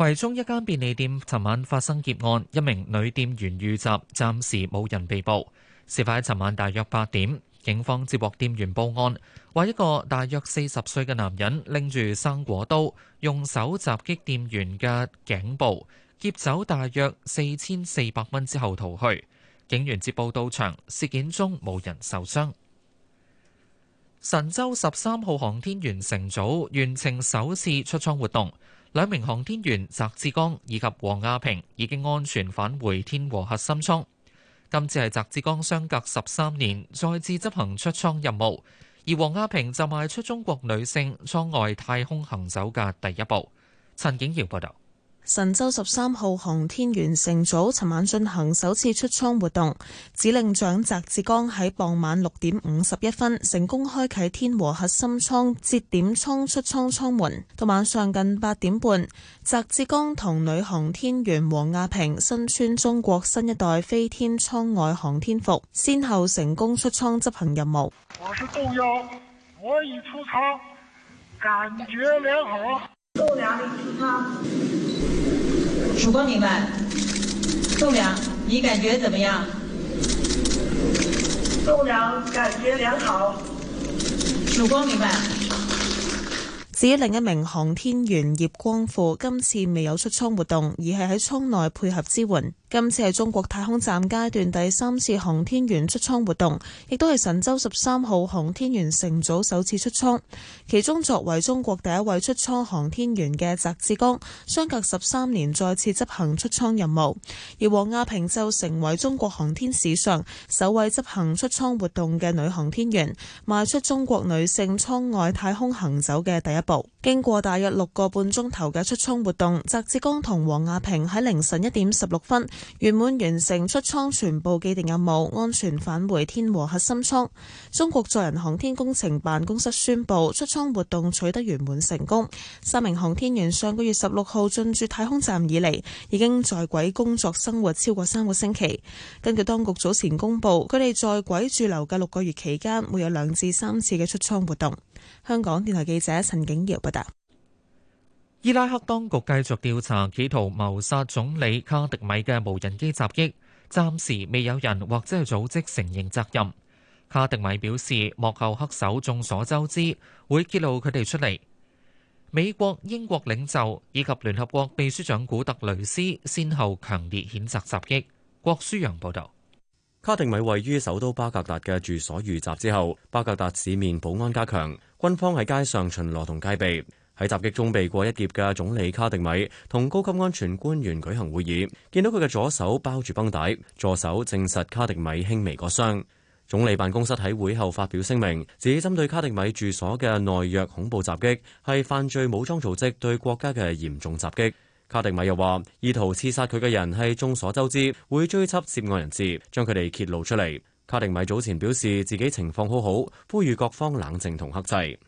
葵涌一間便利店尋晚發生劫案，一名女店員遇襲，暫時冇人被捕。事發喺尋晚大約八點，警方接獲店員報案，話一個大約四十歲嘅男人拎住生果刀，用手襲擊店員嘅頸部，劫走大約四千四百蚊之後逃去。警員接報到場，事件中冇人受傷。神舟十三號航天員乘組完成首次出艙活動。兩名航天員翟志剛以及王亞平已經安全返回天和核心艙。今次係翟志剛相隔十三年再次執行出艙任務，而王亞平就邁出中國女性艙外太空行走嘅第一步。陳景耀報道。神舟十三號航天員乘組尋晚進行首次出艙活動，指令長翟志剛喺傍晚六點五十一分成功開啟天和核心艙節點艙出艙艙門，到晚上近八點半，翟志剛同女航天員王亞平身穿中國新一代飛天艙外航天服，先後成功出艙執行任務。我是高英，我已出艙，感覺良好。棟梁，你好。曙光，明白。棟梁，你感覺怎麼樣？棟梁感覺良好。曙光明白。至於另一名航天員葉光富，今次未有出艙活動，而係喺艙內配合支援。今次係中國太空站階段第三次航天員出艙活動，亦都係神舟十三號航天員乘組首次出艙。其中，作為中國第一位出艙航天員嘅翟志剛，相隔十三年再次執行出艙任務；而王亞平就成為中國航天史上首位執行出艙活動嘅女航天員，邁出中國女性艙外太空行走嘅第一步。經過大約六個半鐘頭嘅出艙活動，翟志剛同王亞平喺凌晨一點十六分。圓滿完成出艙全部既定任務，安全返回天和核心艙。中國載人航天工程辦公室宣佈，出艙活動取得圓滿成功。三名航天員上個月十六號進駐太空站以嚟，已經在軌工作生活超過三個星期。根據當局早前公布，佢哋在軌駐留嘅六個月期間，會有兩至三次嘅出艙活動。香港電台記者陳景姚報道。伊拉克當局繼續調查企圖謀殺總理卡迪米嘅無人機襲擊，暫時未有人或者係組織承認責任。卡迪米表示，幕後黑手眾所周知，會揭露佢哋出嚟。美國、英國領袖以及聯合國秘書長古特雷斯先後強烈譴責襲擊。郭舒陽報導。卡迪米位於首都巴格達嘅住所遇襲之後，巴格達市面保安加強，軍方喺街上巡邏同戒備。喺襲擊中被過一劫嘅總理卡迪米同高級安全官員舉行會議，見到佢嘅左手包住繃帶，助手證實卡迪米輕微割傷。總理辦公室喺會後發表聲明，指針對卡迪米住所嘅懦弱恐怖襲擊係犯罪武裝組織對國家嘅嚴重襲擊。卡迪米又話：意圖刺殺佢嘅人係眾所周知，會追緝涉案人士，將佢哋揭露出嚟。卡迪米早前表示自己情況好好，呼籲各方冷靜同克制。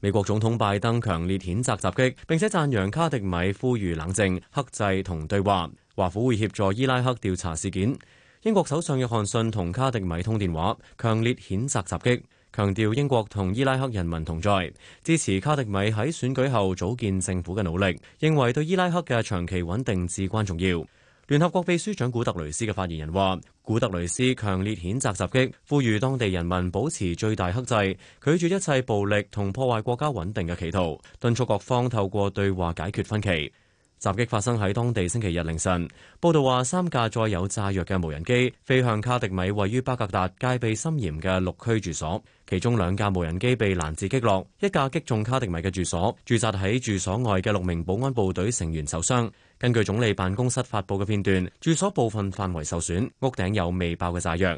美國總統拜登強烈譴責襲擊，並且讚揚卡迪米呼籲冷靜、克制同對話。華府會協助伊拉克調查事件。英國首相約翰遜同卡迪米通電話，強烈譴責襲擊，強調英國同伊拉克人民同在，支持卡迪米喺選舉後組建政府嘅努力，認為對伊拉克嘅長期穩定至關重要。聯合國秘書長古特雷斯嘅發言人話：古特雷斯強烈譴責襲擊，呼籲當地人民保持最大克制，拒絕一切暴力同破壞國家穩定嘅企圖，敦促各方透過對話解決分歧。襲擊發生喺當地星期日凌晨。報道話，三架載有炸藥嘅無人機飛向卡迪米位於巴格達戒備森嚴嘅六區住所，其中兩架無人機被攔截擊落，一架擊中卡迪米嘅住所。駐紮喺住所外嘅六名保安部隊成員受傷。根據總理辦公室發布嘅片段，住所部分範圍受損，屋頂有未爆嘅炸藥。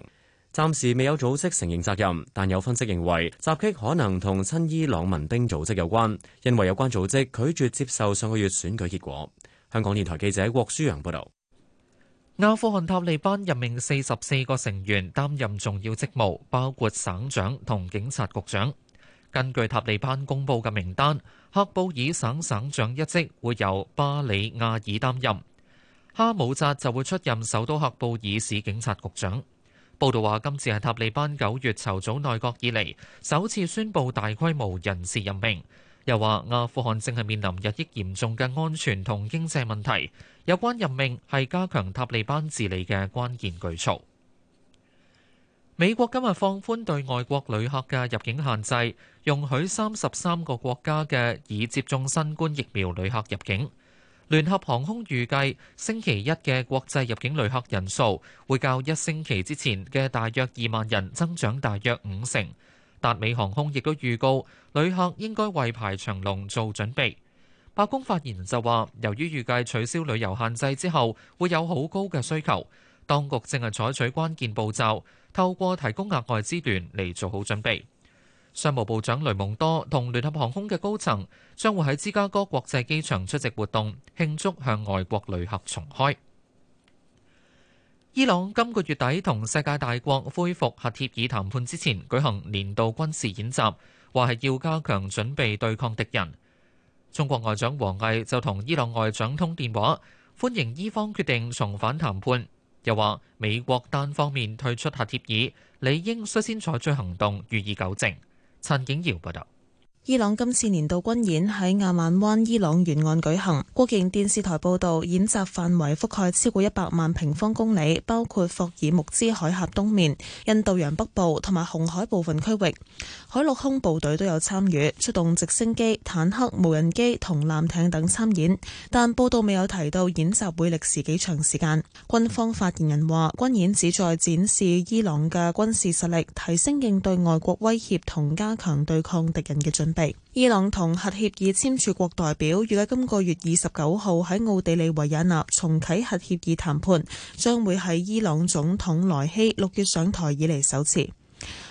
暫時未有組織承認責任，但有分析認為襲擊可能同親伊朗民兵組織有關，因為有關組織拒絕接受上個月選舉結果。香港電台記者郭舒揚報導。阿富汗塔利班任命四十四個成員擔任重要職務，包括省長同警察局長。根據塔利班公布嘅名單，赫布爾省省長一職會由巴里亞爾擔任，哈姆扎就會出任首都赫布爾市警察局長。報道話，今次係塔利班九月籌組內閣以嚟首次宣布大規模人事任命，又話阿富汗正係面臨日益嚴重嘅安全同經濟問題，有關任命係加強塔利班治理嘅關鍵舉措。美國今日放寬對外國旅客嘅入境限制，容許三十三個國家嘅已接種新冠疫苗旅客入境。聯合航空預計星期一嘅國際入境旅客人數會較一星期之前嘅大約二萬人增長大約五成。達美航空亦都預告，旅客應該為排長龍做準備。白宮發言人就話，由於預計取消旅遊限制之後會有好高嘅需求，當局正係採取關鍵步驟。透過提供額外資源嚟做好準備。商務部長雷蒙多同聯合航空嘅高層將會喺芝加哥國際機場出席活動，慶祝向外國旅客重開。伊朗今個月底同世界大國恢復核協議談判之前，舉行年度軍事演習，話係要加強準備對抗敵人。中國外長王毅就同伊朗外長通電話，歡迎伊方決定重返談判。又話美國單方面退出核協議，理應率先採取行動予以糾正。陳景堯報道。伊朗今次年度軍演喺阿曼灣伊朗沿岸舉行，國營電視台報道演習範圍覆蓋超過一百萬平方公里，包括霍爾木茲海峽東面、印度洋北部同埋紅海部分區域。海陸空部隊都有參與，出動直升機、坦克、無人機同艦艇等參演。但報道未有提到演習會歷時幾長時間，軍方發言人話軍演旨在展示伊朗嘅軍事實力，提升應對外國威脅同加強對抗敵人嘅準備。伊朗同核協議簽署國代表預計今個月二十九號喺奧地利維也納重啟核協議談判，將會係伊朗總統萊希六月上台以嚟，首次。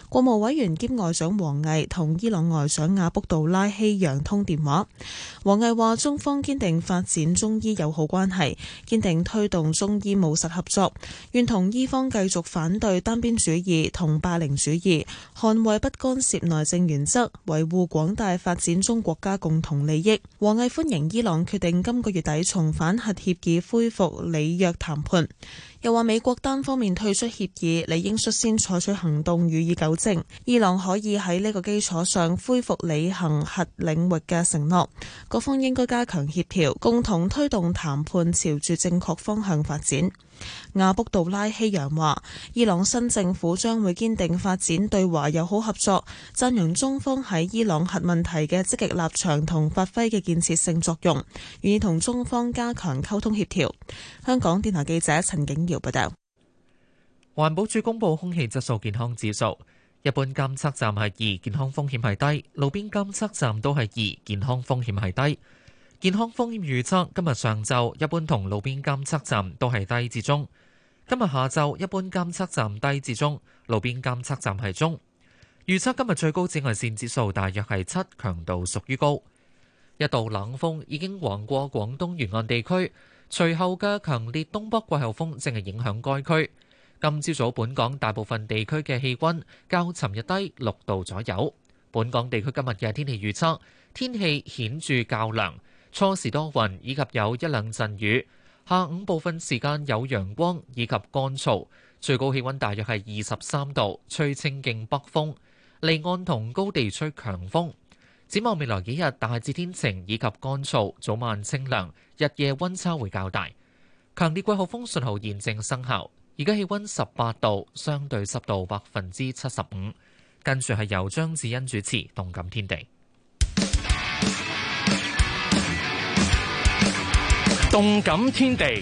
國務委員兼外長王毅同伊朗外長阿卜杜拉希揚通電話。王毅話：中方堅定發展中伊友好關係，堅定推動中伊務實合作，願同伊方繼續反對單邊主義同霸凌主義，捍衛不干涉內政原則，維護廣大發展中國家共同利益。王毅歡迎伊朗決定今個月底重返核協議，恢復履約談判。又話美國單方面退出協議，理應率先採取行動予以糾正。伊朗可以喺呢個基礎上恢復履行核領域嘅承諾，各方應該加強協調，共同推動談判朝住正確方向發展。亞卜杜拉希揚話，伊朗新政府將會堅定發展對華友好合作，讚揚中方喺伊朗核問題嘅積極立場同發揮嘅建設性作用，願意同中方加強溝通協調。香港電台記者陳景堯報道。環保署公布空氣質素健康指數，一般監測站係二，健康風險係低；路邊監測站都係二，健康風險係低。健康風險預測，今日上晝一般同路邊監測站都係低至中。今日下晝一般監測站低至中，路邊監測站係中。預測今日最高紫外線指數大約係七，強度屬於高。一道冷鋒已經橫過廣東沿岸地區，隨後嘅強烈東北季候風正係影響該區。今朝早本港大部分地區嘅氣温較尋日低六度左右。本港地區今日嘅天氣預測，天氣顯著較涼。初時多雲，以及有一兩陣雨。下午部分時間有陽光以及乾燥，最高氣温大約係二十三度，吹清勁北風，離岸同高地吹強風。展望未來幾日，大致天晴以及乾燥，早晚清涼，日夜温差會較大。強烈季候風信號現正生效，而家氣温十八度，相對濕度百分之七十五。跟住係由張子欣主持《動感天地》。動感天地，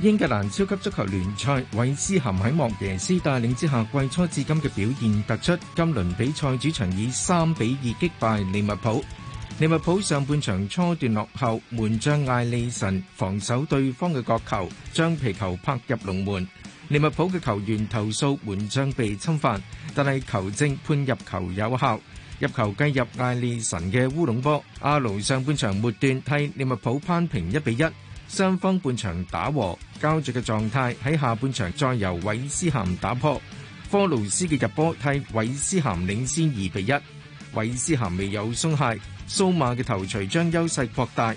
英格蘭超級足球聯賽，韋斯咸喺莫耶斯帶領之下，季初至今嘅表現突出。今輪比賽主場以三比二擊敗利物浦。利物浦上半場初段落後，門將艾利臣防守對方嘅角球，將皮球拍入龍門。利物浦嘅球員投訴門將被侵犯，但係球證判入球有效。入球計入艾利神嘅烏龍波，阿勞上半場末段替利物浦攀平一比一，雙方半場打和膠著嘅狀態喺下半場再由韋斯咸打破，科魯斯嘅入波替韋斯咸領先二比一，韋斯咸未有鬆懈，蘇馬嘅頭槌將優勢擴大，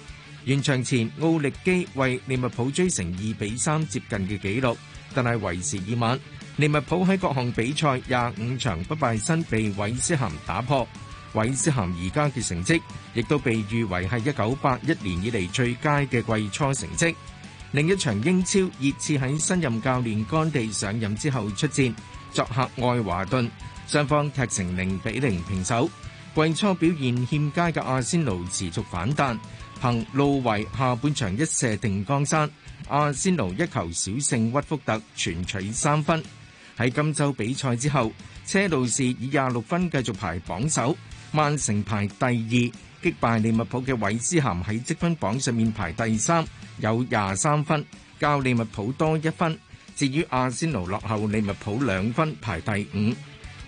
完場前奧力基為利物浦追成二比三接近嘅紀錄，但係為時已晚。利物浦喺各項比賽廿五場不敗身，被韋斯咸打破。韋斯咸而家嘅成績亦都被譽為係一九八一年以嚟最佳嘅季初成績。另一場英超熱刺喺新任教練干地上任之後出戰，作客愛華頓，雙方踢成零比零平手。季初表現欠佳嘅阿仙奴持續反彈，憑路維下半場一射定江山，阿仙奴一球小勝屈福特，全取三分。喺今周比賽之後，車路士以廿六分繼續排榜首，曼城排第二，擊敗利物浦嘅韋斯咸喺積分榜上面排第三，有廿三分，較利物浦多一分。至於阿仙奴落後利物浦兩分，排第五。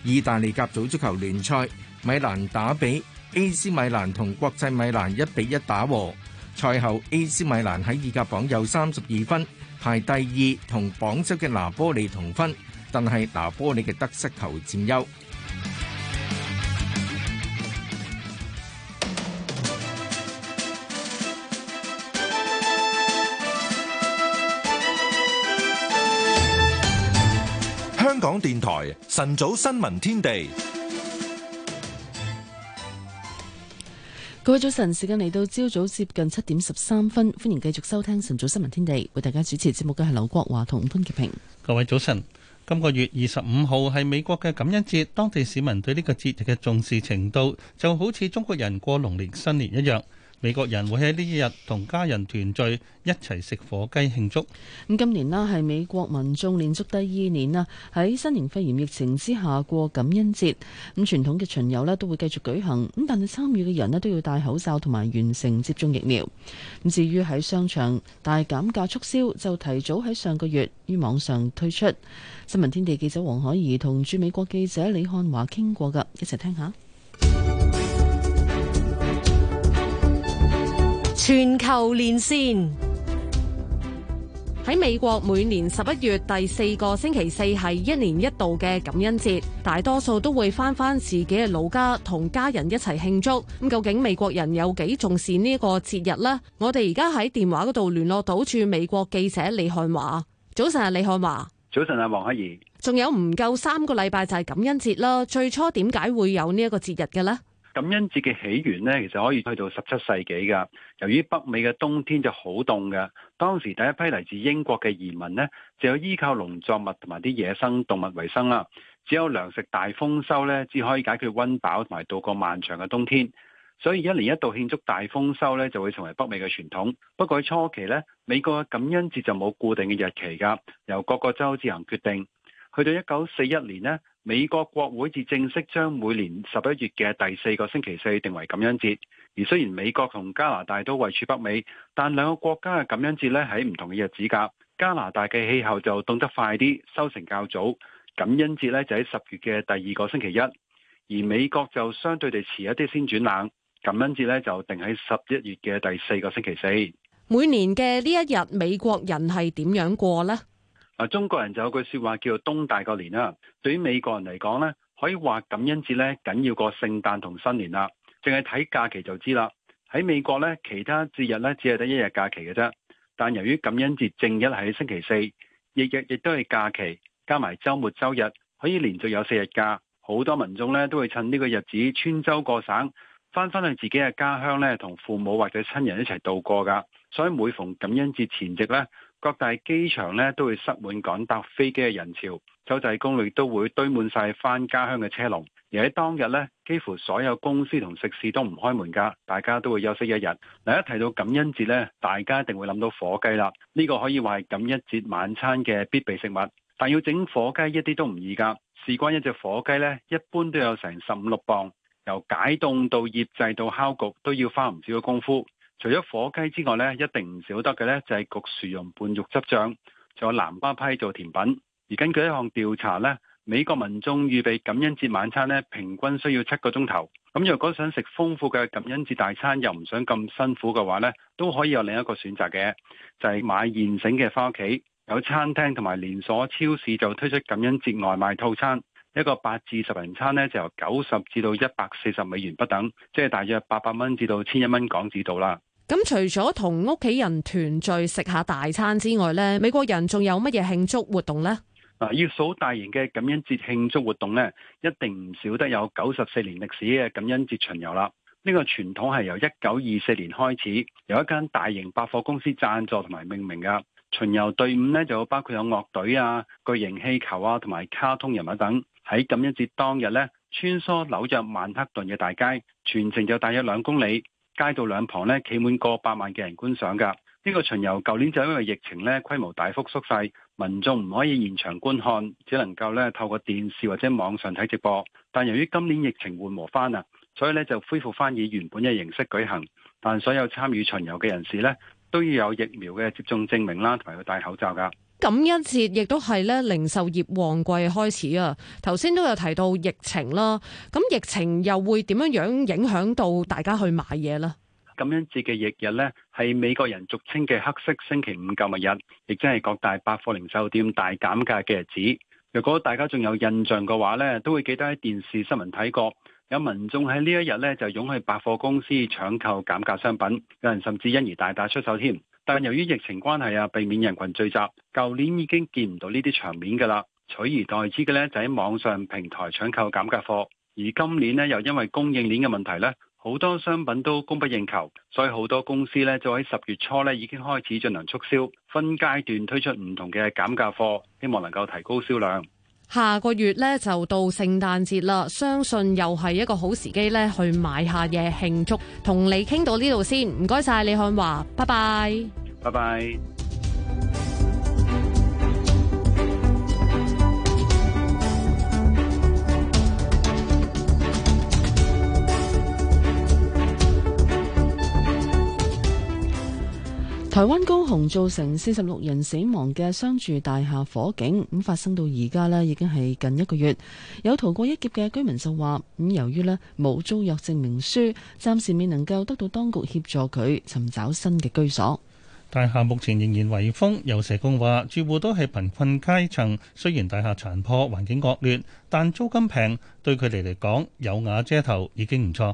意大利甲組足球聯賽，米蘭打比 AC 米蘭同國際米蘭一比一打和，賽後 AC 米蘭喺意甲榜有三十二分，排第二，同榜首嘅拿波利同分。但係拿波尼嘅得失球佔優。香港電台晨早新聞天地，各位早晨，時間嚟到朝早接近七點十三分，歡迎繼續收聽晨早新聞天地。為大家主持節目嘅係劉國華同潘潔平。各位早晨。今個月二十五號係美國嘅感恩節，當地市民對呢個節日嘅重視程度就好似中國人過農曆新年一樣。美國人會喺呢一日同家人團聚，一齊食火雞慶祝。咁今年呢係美國民眾連續第二年啦，喺新型肺炎疫情之下過感恩節。咁傳統嘅巡遊呢都會繼續舉行，咁但係參與嘅人呢都要戴口罩同埋完成接種疫苗。咁至於喺商場大減價促銷，就提早喺上個月於網上推出。新聞天地記者黃海怡同駐美國記者李漢華傾過㗎，一齊聽下。全球連線，喺美國，每年十一月第四個星期四係一年一度嘅感恩節，大多數都會翻翻自己嘅老家，同家人一齊慶祝。咁究竟美國人有幾重視呢個節日呢？我哋而家喺電話嗰度聯絡到駐美國記者李漢華。早晨啊，李漢華。早晨啊，黃可兒。仲有唔夠三個禮拜就係感恩節啦。最初點解會有呢一個節日嘅呢？感恩節嘅起源呢，其實可以去到十七世紀噶。由於北美嘅冬天就好凍㗎，當時第一批嚟自英國嘅移民呢，就有依靠農作物同埋啲野生動物為生啦。只有糧食大豐收呢，只可以解決溫飽同埋度過漫長嘅冬天。所以一年一度慶祝大豐收呢，就會成為北美嘅傳統。不過喺初期呢，美國嘅感恩節就冇固定嘅日期噶，由各個州自行決定。去到一九四一年呢，美國國會至正式將每年十一月嘅第四個星期四定為感恩節。而雖然美國同加拿大都位處北美，但兩個國家嘅感恩節咧喺唔同嘅日子噶加拿大嘅氣候就凍得快啲，收成較早。感恩節咧就喺十月嘅第二個星期一，而美國就相對地遲一啲先轉冷。感恩節咧就定喺十一月嘅第四個星期四。每年嘅呢一日，美國人係點樣過呢？中國人就有句說話叫做冬大過年啦。對於美國人嚟講咧，可以話感恩節咧緊要過聖誕同新年啦。淨係睇假期就知啦。喺美國咧，其他節日咧只係得一日假期嘅啫。但由於感恩節正日係星期四，日日亦都係假期，加埋周末周日，可以連續有四日假。好多民眾咧都會趁呢個日子穿州過省，翻返去自己嘅家鄉咧同父母或者親人一齊度過㗎。所以每逢感恩節前夕咧，各大機場咧都會塞滿趕搭飛機嘅人潮，州際公路都會堆滿晒翻家鄉嘅車龍。而喺當日咧，幾乎所有公司同食肆都唔開門㗎，大家都會休息一日。嗱，一提到感恩節咧，大家一定會諗到火雞啦。呢個可以話係感恩節晚餐嘅必備食物，但要整火雞一啲都唔易㗎。事關一隻火雞咧，一般都有成十五六磅，由解凍到醃製到烤焗，都要花唔少嘅功夫。除咗火雞之外呢，一定唔少得嘅呢就係焗薯蓉伴肉汁醬，仲有南瓜批做甜品。而根據一項調查呢，美國民眾預備感恩節晚餐呢，平均需要七個鐘頭。咁若果想食豐富嘅感恩節大餐，又唔想咁辛苦嘅話呢，都可以有另一個選擇嘅，就係、是、買現成嘅翻屋企。有餐廳同埋連鎖超市就推出感恩節外賣套餐，一個八至十人餐呢，就由九十至到一百四十美元不等，即、就、係、是、大約八百蚊至到千一蚊港紙到啦。咁除咗同屋企人團聚食下大餐之外咧，美國人仲有乜嘢慶祝活動呢？啊，要數大型嘅感恩節慶祝活動咧，一定唔少得有九十四年歷史嘅感恩節巡遊啦。呢個傳統係由一九二四年開始，由一間大型百貨公司贊助同埋命名嘅巡遊隊伍呢，就包括有樂隊啊、巨型氣球啊、同埋卡通人物等，喺感恩節當日呢穿梭紐,紐約曼克頓嘅大街，全程就大約兩公里。街道兩旁咧，企滿過百萬嘅人觀賞㗎。呢個巡遊舊年就因為疫情咧，規模大幅縮細，民眾唔可以現場觀看，只能夠咧透過電視或者網上睇直播。但由於今年疫情緩和返啊，所以咧就恢復返以原本嘅形式舉行。但所有參與巡遊嘅人士咧，都要有疫苗嘅接種證明啦，同埋要戴口罩㗎。感恩節亦都係咧零售業旺季開始啊！頭先都有提到疫情啦，咁疫情又會點樣樣影響到大家去買嘢呢？感恩節嘅翌日呢，係美國人俗稱嘅黑色星期五購物日，亦即係各大百貨零售店大減價嘅日子。如果大家仲有印象嘅話呢，都會記得喺電視新聞睇過，有民眾喺呢一日呢就湧去百貨公司搶購減價商品，有人甚至因而大打出手添。但由於疫情關係啊，避免人群聚集，舊年已經見唔到呢啲場面㗎啦。取而代之嘅咧，就喺網上平台搶購減價貨。而今年呢，又因為供應鏈嘅問題咧，好多商品都供不應求，所以好多公司咧，就喺十月初咧已經開始進行促銷，分階段推出唔同嘅減價貨，希望能夠提高銷量。下個月咧就到聖誕節啦，相信又係一個好時機咧，去買下嘢慶祝。同你傾到呢度先，唔該晒，你，李漢華，拜拜，拜拜。台灣高雄造成四十六人死亡嘅商住大廈火警，咁發生到而家咧，已經係近一個月。有逃過一劫嘅居民就話，咁由於咧冇租約證明書，暫時未能夠得到當局協助佢尋找新嘅居所。大廈目前仍然圍封，有社工話住戶都係貧困階層，雖然大廈殘破、環境惡劣，但租金平，對佢哋嚟講有瓦遮頭已經唔錯。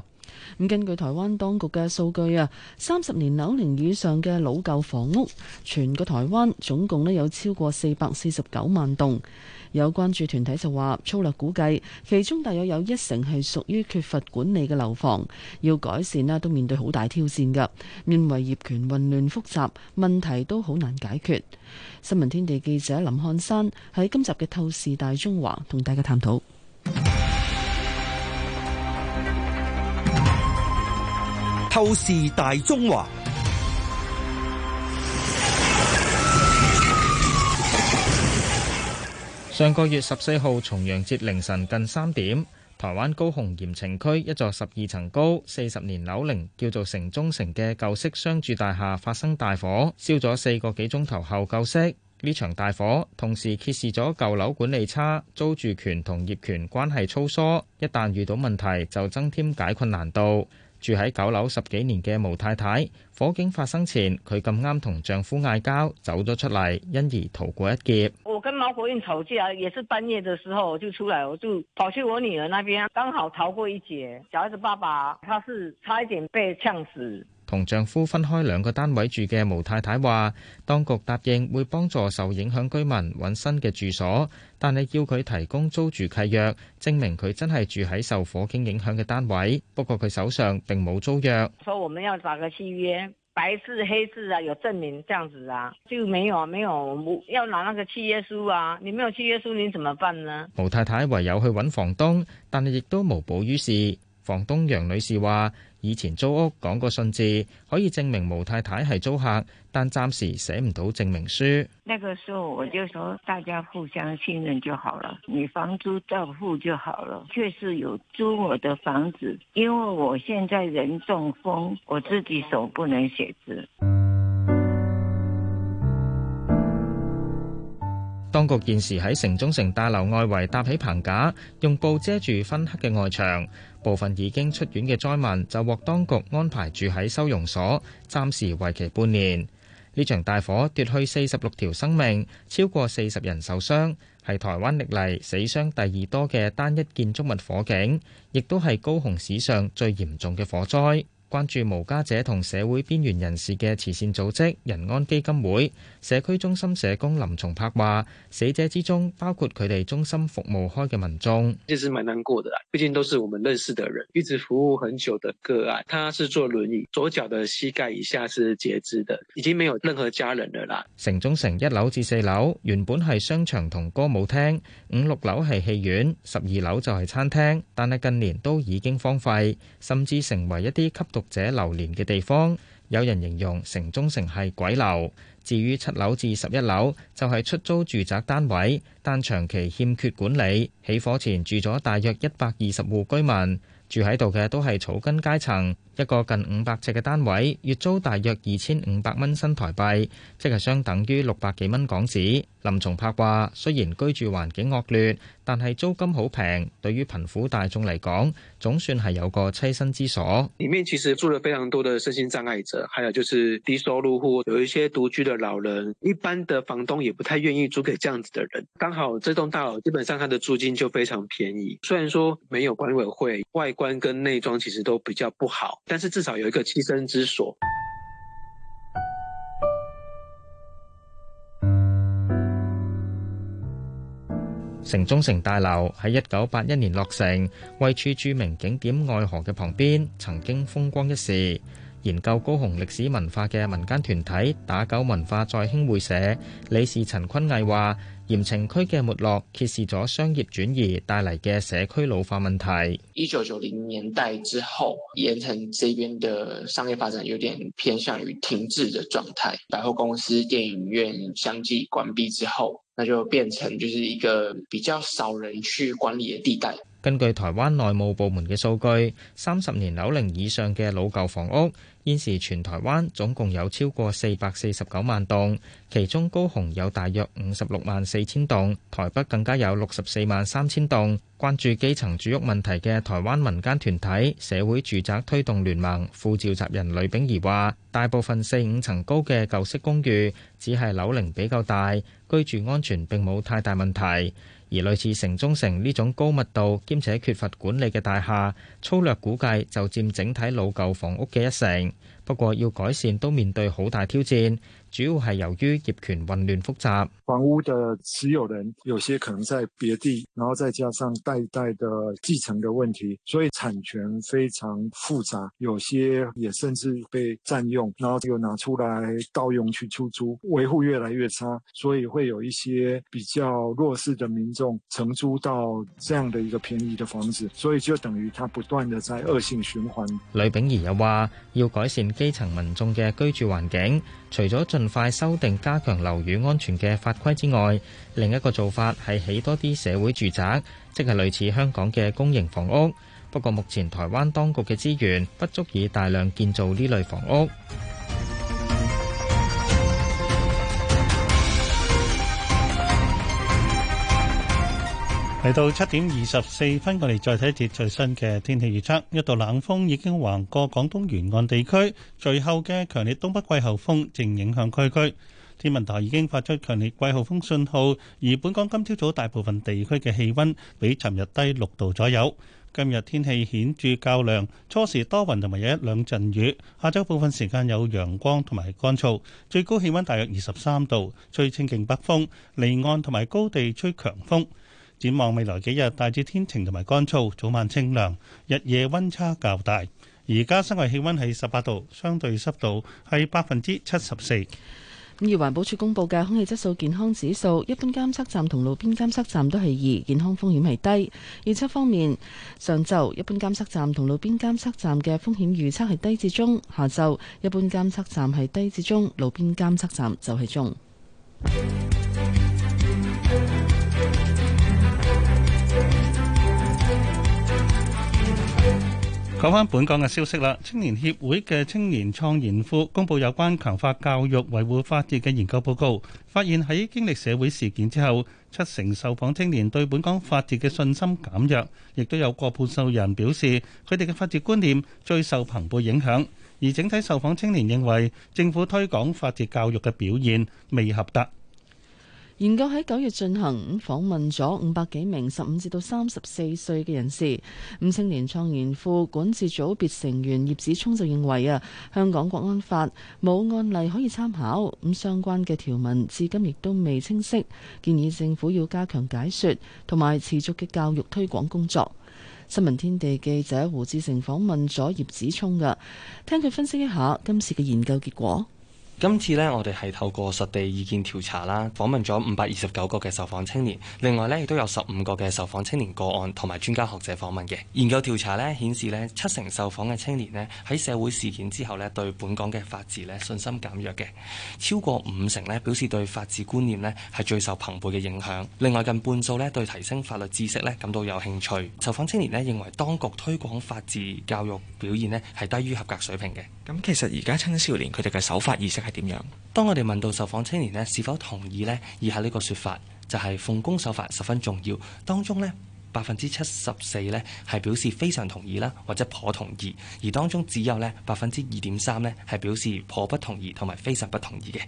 咁根據台灣當局嘅數據啊，三十年樓齡以上嘅老舊房屋，全個台灣總共咧有超過四百四十九萬棟。有關注團體就話，粗略估計，其中大約有一成係屬於缺乏管理嘅樓房，要改善咧都面對好大挑戰噶。面為業權混亂複雜，問題都好難解決。新聞天地記者林漢山喺今集嘅透視大中華同大家探討。透視大中華。上個月十四號重陽節凌晨近三點，台灣高雄鹽埕區一座十二層高，四十年樓齡，叫做城中城嘅舊式商住大廈發生大火，燒咗四個幾鐘頭後救熄。呢場大火同時揭示咗舊樓管理差，租住權同業權關係粗疏，一旦遇到問題就增添解困難度。住喺九樓十幾年嘅毛太太，火警發生前佢咁啱同丈夫嗌交，走咗出嚟，因而逃過一劫。我跟毛國印吵架，也是半夜嘅時候我就出來，我就跑去我女兒那邊，剛好逃過一劫。小孩子爸爸，他是差一點被嗆死。同丈夫分開兩個單位住嘅毛太太話，當局答應會幫助受影響居民揾新嘅住所，但係要佢提供租住契約，證明佢真係住喺受火警影響嘅單位。不過佢手上並冇租約。所以我們要找個契約，白字黑字啊，有證明這樣子啊，就沒有啊，沒有，要拿那個契約書啊，你沒有契約書，你怎麼辦呢？毛太太唯有去揾房東，但係亦都無補於事。房東楊女士話：以前租屋講過信字，可以證明毛太太係租客，但暫時寫唔到證明書。那個時候，我就說大家互相信任就好了，你房租照付就好了。確實有租我的房子，因為我現在人中風，我自己手不能寫字。當局現時喺城中城大樓外圍搭起棚架，用布遮住昏黑嘅外牆。部分已經出院嘅災民就獲當局安排住喺收容所，暫時為期半年。呢場大火奪去四十六條生命，超過四十人受傷，係台灣歷嚟死傷第二多嘅單一建築物火警，亦都係高雄史上最嚴重嘅火災。關注無家者同社會邊緣人士嘅慈善組織仁安基金會社區中心社工林松柏話，死者之中包括佢哋中心服務開嘅民眾。其實蠻難過的，畢竟都是我們認識的人，一直服務很久的個案。他是坐輪椅，左腳的膝蓋以下是截肢的，已經沒有任何家人啦。城中城一樓至四樓原本係商場同歌舞廳，五六樓係戲院，十二樓就係餐廳，但係近年都已經荒廢，甚至成為一啲吸毒。讀者流連嘅地方，有人形容城中城係鬼樓。至於七樓至十一樓就係出租住宅單位，但長期欠缺管理。起火前住咗大約一百二十戶居民，住喺度嘅都係草根階層。一個近五百尺嘅單位，月租大約二千五百蚊新台幣，即係相等於六百幾蚊港紙。林崇柏話：雖然居住環境惡劣。但係租金好平，對於貧苦大眾嚟講，總算係有個棲身之所。裡面其實住了非常多的身心障礙者，還有就是低收入戶，有一些獨居的老人。一般的房東也不太願意租給這樣子的人。剛好這棟大樓基本上它的租金就非常便宜，雖然說沒有管委會，外觀跟內裝其實都比較不好，但是至少有一個棲身之所。城中城大樓喺一九八一年落成，位處著名景點愛河嘅旁邊曾經風光一時，研究高雄歷史文化嘅民間團體打狗文化再興會社理事陳坤毅話鹽埕區嘅沒落，揭示咗商業轉移帶嚟嘅社區老化問題。一九九零年代之後，鹽埕這邊的商業發展有點偏向於停滯嘅狀態，百貨公司、電影院相繼關閉之後。那就變成，就是一個比較少人去管理嘅地帶。根據台灣內務部門嘅數據，三十年樓齡以上嘅老舊房屋。現時全台灣總共有超過四百四十九萬棟，其中高雄有大約五十六萬四千棟，台北更加有六十四萬三千棟。關注基層住屋問題嘅台灣民間團體社會住宅推動聯盟副召集人呂炳儀話，大部分四五層高嘅舊式公寓只係樓齡比較大，居住安全並冇太大問題。而類似城中城呢種高密度兼且缺乏管理嘅大廈，粗略估計就佔整體老舊房屋嘅一成。不過要改善都面對好大挑戰。主要係由於業權混亂複雜，房屋的持有人有些可能在別地，然後再加上代代的繼承的問題，所以產權非常複雜。有些也甚至被佔用，然後又拿出來盜用去出租，維護越來越差，所以會有一些比較弱勢的民眾承租到這樣的一個便宜的房子，所以就等於它不斷的在惡性循環。呂炳儀又話：要改善基層民眾嘅居住環境。除咗盡快修訂加強樓宇安全嘅法規之外，另一個做法係起多啲社會住宅，即係類似香港嘅公營房屋。不過，目前台灣當局嘅資源不足以大量建造呢類房屋。嚟到七點二十四分，我哋再睇一節最新嘅天氣預測。一道冷風已經橫過廣東沿岸地區，隨後嘅強烈東北季候風正影響該區。天文台已經發出強烈季候風信號，而本港今朝早大部分地區嘅氣温比尋日低六度左右。今日天氣顯著較涼，初時多雲同埋有一兩陣雨，下晝部分時間有陽光同埋乾燥。最高氣温大約二十三度，吹清勁北風，離岸同埋高地吹強風。展望未來幾日，大致天晴同埋乾燥，早晚清涼，日夜溫差較大。而家室外氣溫係十八度，相對濕度係百分之七十四。而環保署公布嘅空氣質素健康指數，一般監測站同路邊監測站都係二，健康風險係低。預測方面，上晝一般監測站同路邊監測站嘅風險預測係低至中，下晝一般監測站係低至中，路邊監測站就係中。講翻本港嘅消息啦，青年協會嘅青年創研庫公布有關強化教育維護法治嘅研究報告，發現喺經歷社會事件之後，七成受訪青年對本港法治嘅信心減弱，亦都有過半數人表示佢哋嘅法治觀念最受朋輩影響，而整體受訪青年認為政府推廣法治教育嘅表現未合達。研究喺九月進行，訪問咗五百幾名十五至到三十四歲嘅人士。五青年創研庫副管治組別成員葉子聰就認為啊，香港國安法冇案例可以參考，咁相關嘅條文至今亦都未清晰，建議政府要加強解説同埋持續嘅教育推廣工作。新聞天地記者胡志成訪問咗葉子聰㗎，聽佢分析一下今次嘅研究結果。今次呢，我哋係透過實地意見調查啦，訪問咗五百二十九個嘅受訪青年，另外呢，亦都有十五個嘅受訪青年個案同埋專家學者訪問嘅研究調查呢，顯示呢，七成受訪嘅青年呢，喺社會事件之後呢，對本港嘅法治呢，信心減弱嘅，超過五成呢，表示對法治觀念呢係最受朋輩嘅影響。另外近半數呢，對提升法律知識呢感到有興趣。受訪青年呢，認為當局推廣法治教育表現呢係低於合格水平嘅。咁其實而家青少年佢哋嘅守法意識，係點樣？當我哋問到受訪青年呢，是否同意呢以下呢個說法，就係、是、奉公守法十分重要。當中呢。百分之七十四呢係表示非常同意啦，或者頗同意，而當中只有呢百分之二點三呢係表示頗不同意同埋非常不同意嘅。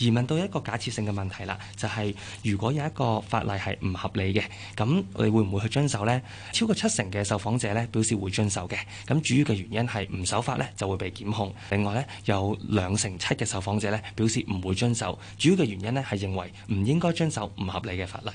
而問到一個假設性嘅問題啦，就係如果有一個法例係唔合理嘅，咁你會唔會去遵守呢？超過七成嘅受訪者呢表示會遵守嘅。咁主要嘅原因係唔守法呢就會被檢控。另外呢，有兩成七嘅受訪者呢表示唔會遵守，主要嘅原因呢係認為唔應該遵守唔合理嘅法例。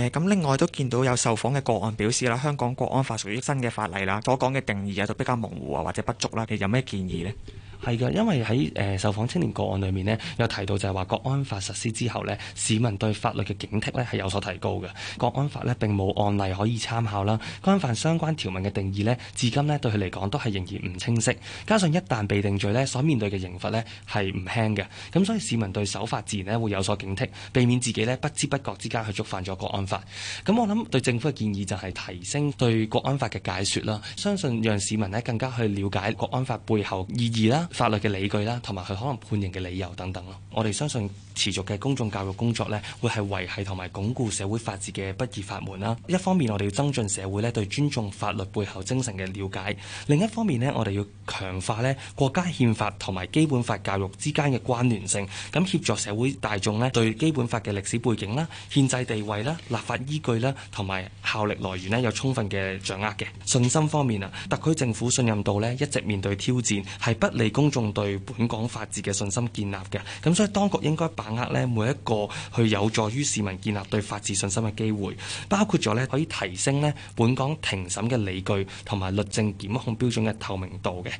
誒，咁另外都見到有受訪嘅個案。表示啦，香港國安法屬於新嘅法例啦，所講嘅定義啊就比較模糊啊，或者不足啦，你有咩建議咧？係嘅，因為喺、呃、受訪青年個案裏面呢，有提到就係話國安法實施之後呢，市民對法律嘅警惕呢係有所提高嘅。國安法呢並冇案例可以參考啦，國安法相關條文嘅定義呢，至今呢對佢嚟講都係仍然唔清晰。加上一旦被定罪呢，所面對嘅刑罰呢係唔輕嘅。咁所以市民對守法自然呢會有所警惕，避免自己呢不知不覺之間去觸犯咗國安法。咁我諗對政府嘅建議就係提升對國安法嘅解説啦，相信讓市民呢更加去了解國安法背後意義啦。法律嘅理據啦，同埋佢可能判刑嘅理由等等咯，我哋相信。持續嘅公眾教育工作咧，會係維係同埋鞏固社會法治嘅不二法門啦。一方面，我哋要增進社會咧對尊重法律背後精神嘅了解；另一方面咧，我哋要強化咧國家憲法同埋基本法教育之間嘅關聯性，咁協助社會大眾咧對基本法嘅歷史背景啦、憲制地位啦、立法依據啦同埋效力來源咧有充分嘅掌握嘅信心方面啊，特區政府信任度咧一直面對挑戰，係不利公眾對本港法治嘅信心建立嘅。咁所以當局應該把把握咧每一個去有助於市民建立對法治信心嘅機會，包括咗咧可以提升咧本港庭審嘅理據同埋律政檢控標準嘅透明度嘅，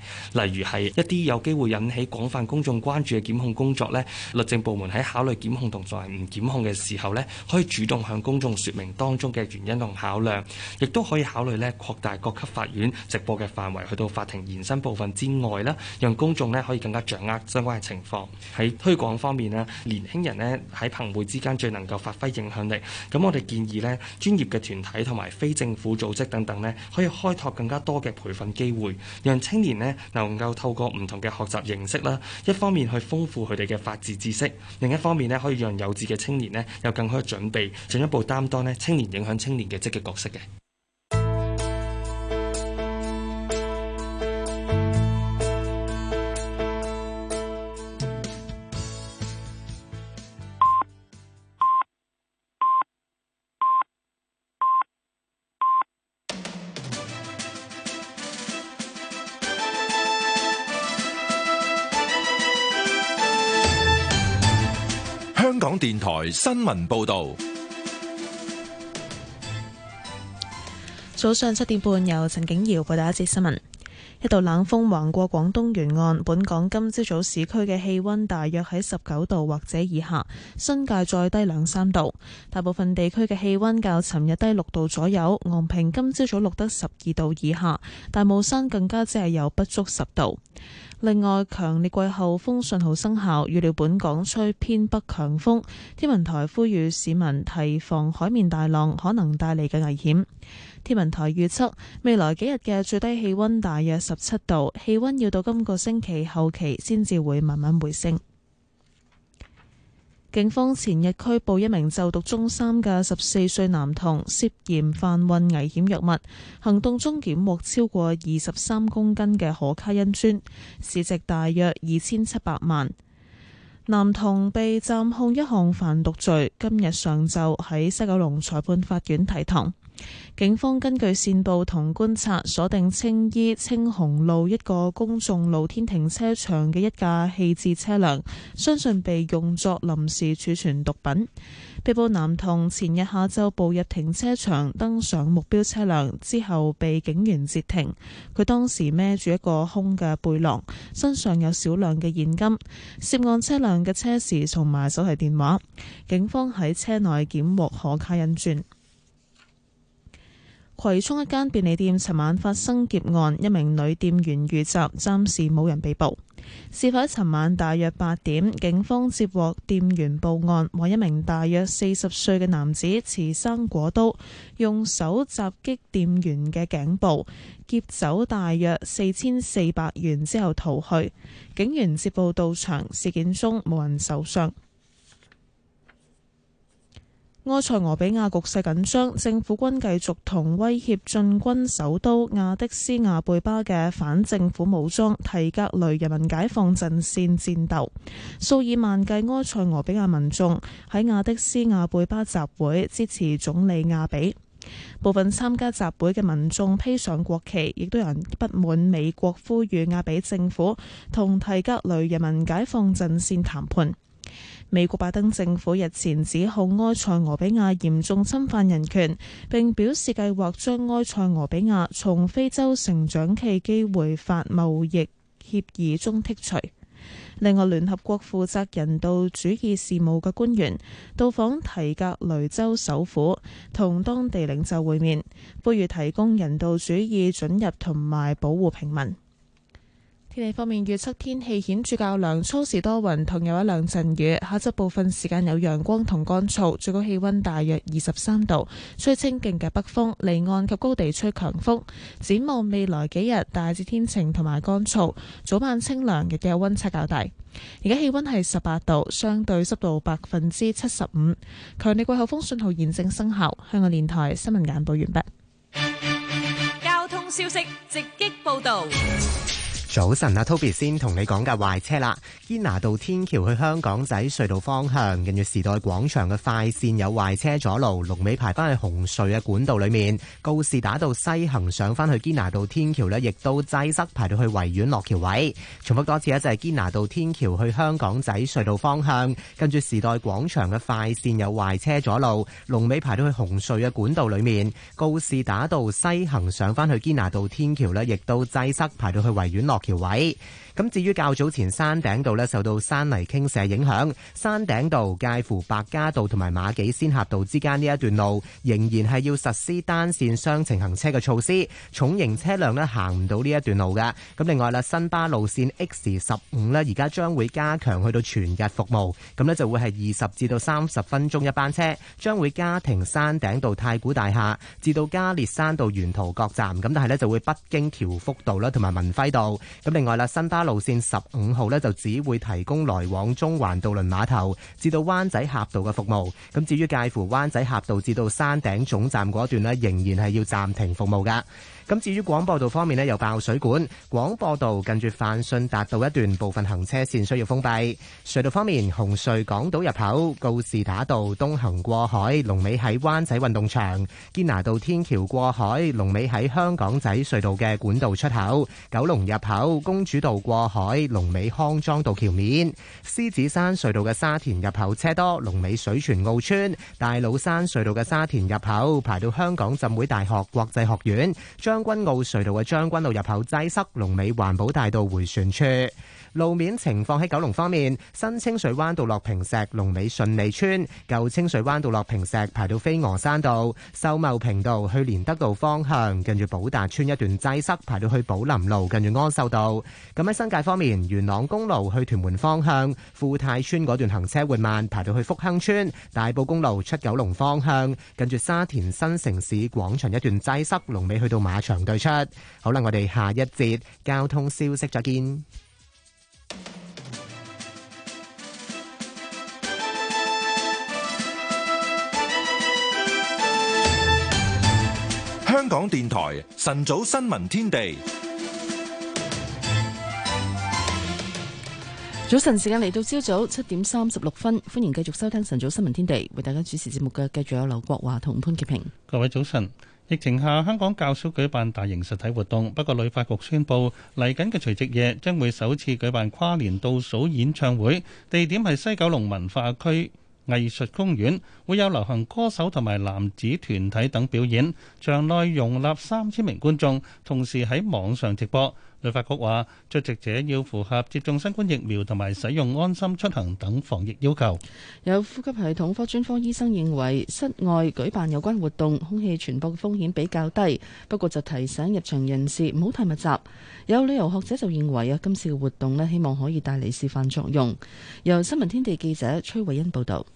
例如係一啲有機會引起廣泛公眾關注嘅檢控工作咧，律政部門喺考慮檢控同作為唔檢控嘅時候咧，可以主動向公眾説明當中嘅原因同考量，亦都可以考慮咧擴大各級法院直播嘅範圍，去到法庭延伸部分之外啦，讓公眾咧可以更加掌握相關嘅情況。喺推廣方面咧。年輕人呢喺朋輩之間最能夠發揮影響力，咁我哋建議呢專業嘅團體同埋非政府組織等等呢，可以開拓更加多嘅培訓機會，讓青年呢能夠透過唔同嘅學習形式啦，一方面去豐富佢哋嘅法治知識，另一方面呢，可以讓有志嘅青年呢有更好嘅準備，進一步擔當呢青年影響青年嘅積極角色嘅。電台新聞報道。早上七點半，由陳景瑤報道第一節新聞。一道冷鋒橫過廣東沿岸，本港今朝早市區嘅氣温大約喺十九度或者以下，新界再低兩三度。大部分地區嘅氣温較尋日低六度左右，昂坪今朝早,早錄得十二度以下，大帽山更加只係有不足十度。另外，強烈季候風信號生效，預料本港吹偏北強風。天文台呼籲市民提防海面大浪可能帶嚟嘅危險。天文台預測未來幾日嘅最低氣温大約十七度，氣温要到今個星期後期先至會慢慢回升。警方前日拘捕一名就讀中三嘅十四歲男童，涉嫌販運危險藥物。行動中檢獲超過二十三公斤嘅可卡因磚，市值大約二千七百萬。男童被暫控一項販毒罪，今日上晝喺西九龍裁判法院提堂。警方根據線報同觀察，鎖定青衣青宏路一個公眾露天停車場嘅一架棄置車輛，相信被用作臨時儲存毒品。被捕男童前日下晝步入停車場，登上目標車輛之後被警員截停。佢當時孭住一個空嘅背囊，身上有少量嘅現金。涉案車輛嘅車匙同埋手提電話，警方喺車內檢獲可卡因磚。葵涌一間便利店尋晚發生劫案，一名女店員遇襲，暫時冇人被捕。事發喺尋晚大約八點，警方接獲店員報案，話一名大約四十歲嘅男子持生果刀，用手襲擊店員嘅頸部，劫走大約四千四百元之後逃去。警員接報到場，事件中冇人受傷。埃塞俄比亞局勢緊張，政府軍繼續同威脅進軍首都亞的斯亞貝巴嘅反政府武裝提格雷人民解放陣線戰鬥。數以萬計埃塞俄比亞民眾喺亞的斯亞貝巴集會支持總理亞比，部分參加集會嘅民眾披上國旗，亦都有人不滿美國呼籲亞比政府同提格雷人民解放陣線談判。美國拜登政府日前指控埃塞俄比亞嚴重侵犯人權，並表示計劃將埃塞俄比亞從非洲成長期機會法貿易協議中剔除。另外，聯合國負責人道主義事務嘅官員到訪提格雷州首府，同當地領袖會面，呼籲提供人道主義準入同埋保護平民。天氣方面，預測天氣顯著較涼，初時多雲同有一兩陣雨，下晝部分時間有陽光同乾燥，最高氣溫大約二十三度，吹清勁嘅北風，離岸及高地吹強風。展望未來幾日大致天晴同埋乾燥，早晚清涼亦都有溫差較大。而家氣溫係十八度，相對濕度百分之七十五，強烈季候風信號現正生效。香港電台新聞眼報完畢。交通消息直擊報道。早晨啊，Toby 先同你講架壞車啦。堅拿道天橋去香港仔隧道方向，跟住時代廣場嘅快線有壞車阻路，龍尾排翻去紅隧嘅管道裏面。告士打道西行上翻去堅拿道天橋咧，亦都擠塞排到去維園落橋位。重複多次啊，就係堅拿道天橋去香港仔隧道方向，跟住時代廣場嘅快線有壞車阻路，龍尾排到去紅隧嘅管道裏面。告士打道西行上翻去堅拿道天橋咧，亦都擠塞排到去維園落條位。咁至於較早前山頂道呢，受到山泥傾瀉影響。山頂道，介乎白加道同埋馬己仙峽道之間呢一段路，仍然係要實施單線雙程行車嘅措施，重型車輛行唔到呢一段路㗎。咁另外呢，新巴路線 X15 呢，而家將會加強去到全日服務。咁呢，就會係二十至三十分鐘一班車，將會加停山頂道太古大廈，至到加列山道沿途各站。咁但係呢，就會不經僑福道啦，同埋文輝道。咁另外呢，新巴路線路線十五號咧，就只會提供來往中環渡輪碼頭至到灣仔峽道嘅服務，咁至於介乎灣仔峽道至到山頂總站嗰段呢，仍然係要暫停服務噶。咁至於廣播道方面又爆水管。廣播道近住范信達道一段部分行車線需要封閉。隧道方面，紅隧港島入口告士打道東行過海龍尾喺灣仔運動場；堅拿道天橋過海龍尾喺香港仔隧道嘅管道出口；九龍入口公主道過海龍尾康莊道橋面；獅子山隧道嘅沙田入口車多，龍尾水泉澳村；大老山隧道嘅沙田入口排到香港浸會大學國際學院將將軍澳隧道嘅將軍澳入口擠塞，龍尾環保大道回旋處。路面情況喺九龍方面，新清水灣道落坪石龍尾順利村；舊清水灣道落坪石排到飛鵝山道，秀茂坪道去連德道方向，近住寶達村一段擠塞，排到去寶林路近住安秀道。咁喺新界方面，元朗公路去屯門方向，富泰村嗰段行車緩慢，排到去福亨村；大埔公路出九龍方向，近住沙田新城市廣場一段擠塞，龍尾去到馬場對出。好啦，我哋下一節交通消息再見。香港電台晨早新聞天地。早晨時間嚟到，朝早七點三十六分，歡迎繼續收聽晨早新聞天地，為大家主持節目嘅，繼續有劉國華同潘潔平。各位早晨。疫情下，香港較少舉辦大型實體活動。不過，旅發局宣佈，嚟緊嘅除夕夜將會首次舉辦跨年倒數演唱會，地點係西九龍文化區藝術公園，會有流行歌手同埋男子團體等表演，場內容納三千名觀眾，同時喺網上直播。律法局話，出席者要符合接種新冠疫苗同埋使用安心出行等防疫要求。有呼吸系統科專科醫生認為，室外舉辦有關活動，空氣傳播嘅風險比較低。不過就提醒入場人士唔好太密集。有旅遊學者就認為，有今次嘅活動咧，希望可以帶嚟示範作用。由新聞天地記者崔慧恩報道。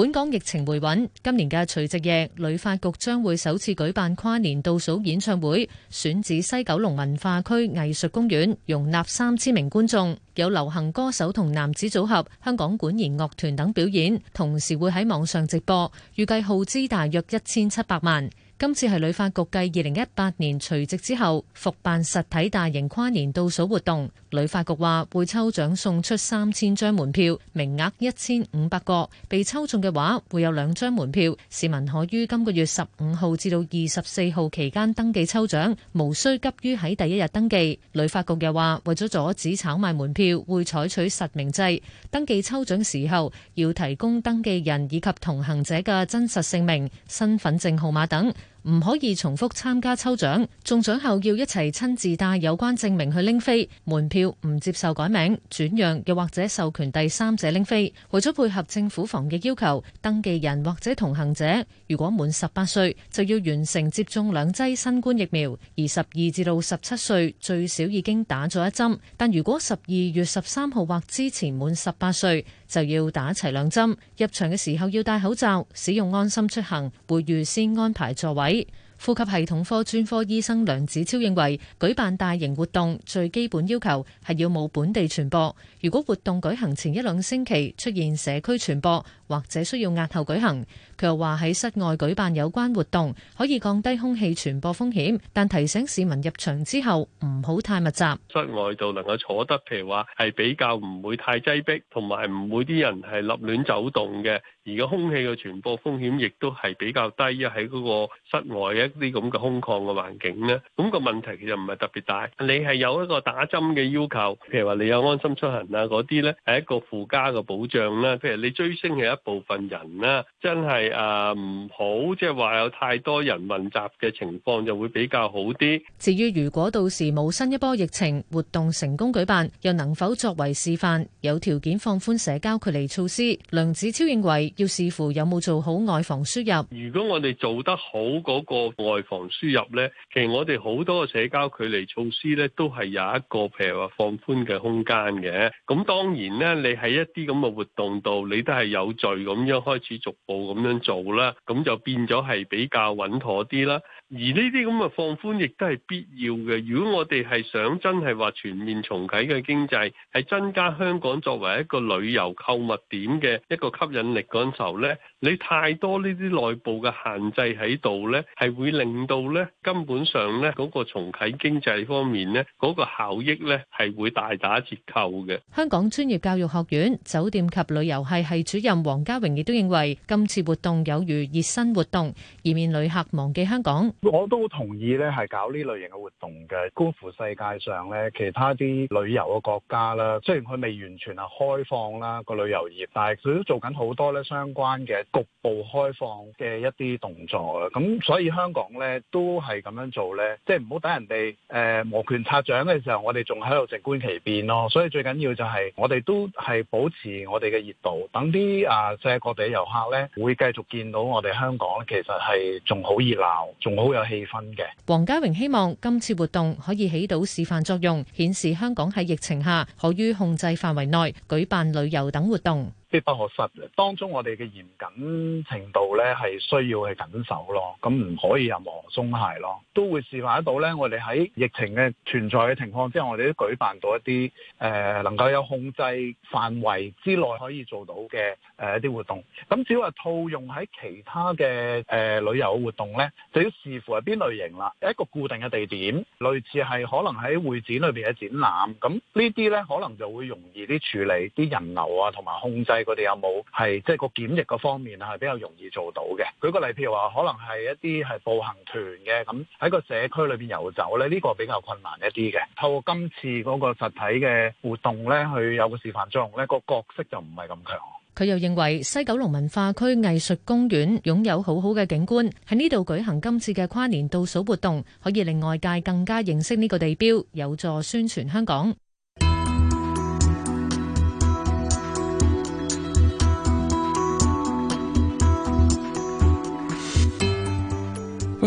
本港疫情回穩，今年嘅除夕夜，旅發局將會首次舉辦跨年倒數演唱會，選址西九龍文化區藝術公園，容納三千名觀眾，有流行歌手同男子組合、香港管弦樂團等表演，同時會喺網上直播，預計耗資大約一千七百萬。今次係旅發局繼二零一八年除夕之後復辦實體大型跨年倒數活動。旅發局話會抽獎送出三千張門票，名額一千五百個。被抽中嘅話會有兩張門票。市民可於今個月十五號至到二十四號期間登記抽獎，無需急於喺第一日登記。旅發局又話為咗阻止炒賣門票，會採取實名制，登記抽獎時候要提供登記人以及同行者嘅真實姓名、身份證號碼等。唔可以重複參加抽獎，中獎後要一齊親自帶有關證明去拎飛，門票唔接受改名、轉讓又或者授權第三者拎飛。為咗配合政府防疫要求，登記人或者同行者如果滿十八歲，就要完成接種兩劑新冠疫苗；而十二至到十七歲最少已經打咗一針。但如果十二月十三號或之前滿十八歲，就要打齊兩針，入場嘅時候要戴口罩，使用安心出行，會預先安排座位。呼吸系統科專科醫生梁子超認為，舉辦大型活動最基本要求係要冇本地傳播。如果活動舉行前一兩星期出現社區傳播，或者需要押後舉行，佢又話喺室外舉辦有關活動，可以降低空氣傳播風險，但提醒市民入場之後，唔好太密集。室外度能夠坐得，譬如話，係比較唔會太擠逼，同埋唔會啲人係立亂走動嘅。而個空氣嘅傳播風險亦都係比較低，喺嗰個室外一啲咁嘅空曠嘅環境呢，咁個問題其實唔係特別大。你係有一個打針嘅要求，譬如話你有安心出行啊嗰啲呢，係一個附加嘅保障啦。譬如你追星嘅一部分人啦，真係誒唔好，即係話有太多人混雜嘅情況，就會比較好啲。至於如果到時冇新一波疫情活動成功舉辦，又能否作為示範，有條件放寬社交距離措施？梁子超認為。要視乎有冇做好外防輸入。如果我哋做得好嗰個外防輸入呢，其實我哋好多嘅社交距離措施呢，都係有一個譬如話放寬嘅空間嘅。咁當然呢，你喺一啲咁嘅活動度，你都係有序咁樣開始逐步咁樣做啦。咁就變咗係比較穩妥啲啦。而呢啲咁嘅放寬亦都係必要嘅。如果我哋係想真係話全面重啟嘅經濟，係增加香港作為一個旅遊購物點嘅一個吸引力嗰陣時候咧，你太多呢啲內部嘅限制喺度咧，係會令到咧根本上咧嗰個重啟經濟方面咧嗰個效益咧係會大打折扣嘅。香港專業教育學院酒店及旅遊係係主任黃家榮亦都認為今次活動有如熱身活動，以免旅客忘記香港。我都同意咧，係搞呢類型嘅活動嘅。觀乎世界上咧，其他啲旅遊嘅國家啦，雖然佢未完全係開放啦、這個旅遊業，但係佢都做緊好多咧相關嘅局部開放嘅一啲動作啦。咁所以香港咧都係咁樣做咧，即係唔好等人哋誒摩拳擦掌嘅時候，我哋仲喺度靜觀其變咯。所以最緊要就係、是、我哋都係保持我哋嘅熱度，等啲啊世界各地遊客咧會繼續見到我哋香港其實係仲好熱鬧，仲好。都有氣氛嘅。黃家榮希望今次活動可以起到示範作用，顯示香港喺疫情下可於控制範圍內舉辦旅遊等活動。必不可失，當中我哋嘅嚴謹程度咧，係需要去謹守咯，咁唔可以任何鬆懈咯。都會示範得到咧，我哋喺疫情嘅存在嘅情況之下，我哋都舉辦到一啲誒、呃、能夠有控制範圍之內可以做到嘅誒一啲活動，咁只要係套用喺其他嘅誒、呃、旅遊活動咧，就要視乎係邊類型啦。一個固定嘅地點類似係可能喺會展裏邊嘅展覽，咁呢啲咧可能就會容易啲處理啲人流啊，同埋控制。佢哋有冇係即係個檢疫嗰方面係比較容易做到嘅？舉個例，譬如話可能係一啲係步行團嘅咁喺個社區裏邊遊走咧，呢個比較困難一啲嘅。透過今次嗰個實體嘅活動咧，去有個示範作用咧，個角色就唔係咁強。佢又認為西九龍文化區藝術公園擁有好好嘅景觀，喺呢度舉行今次嘅跨年倒數活動，可以令外界更加認識呢個地標，有助宣傳香港。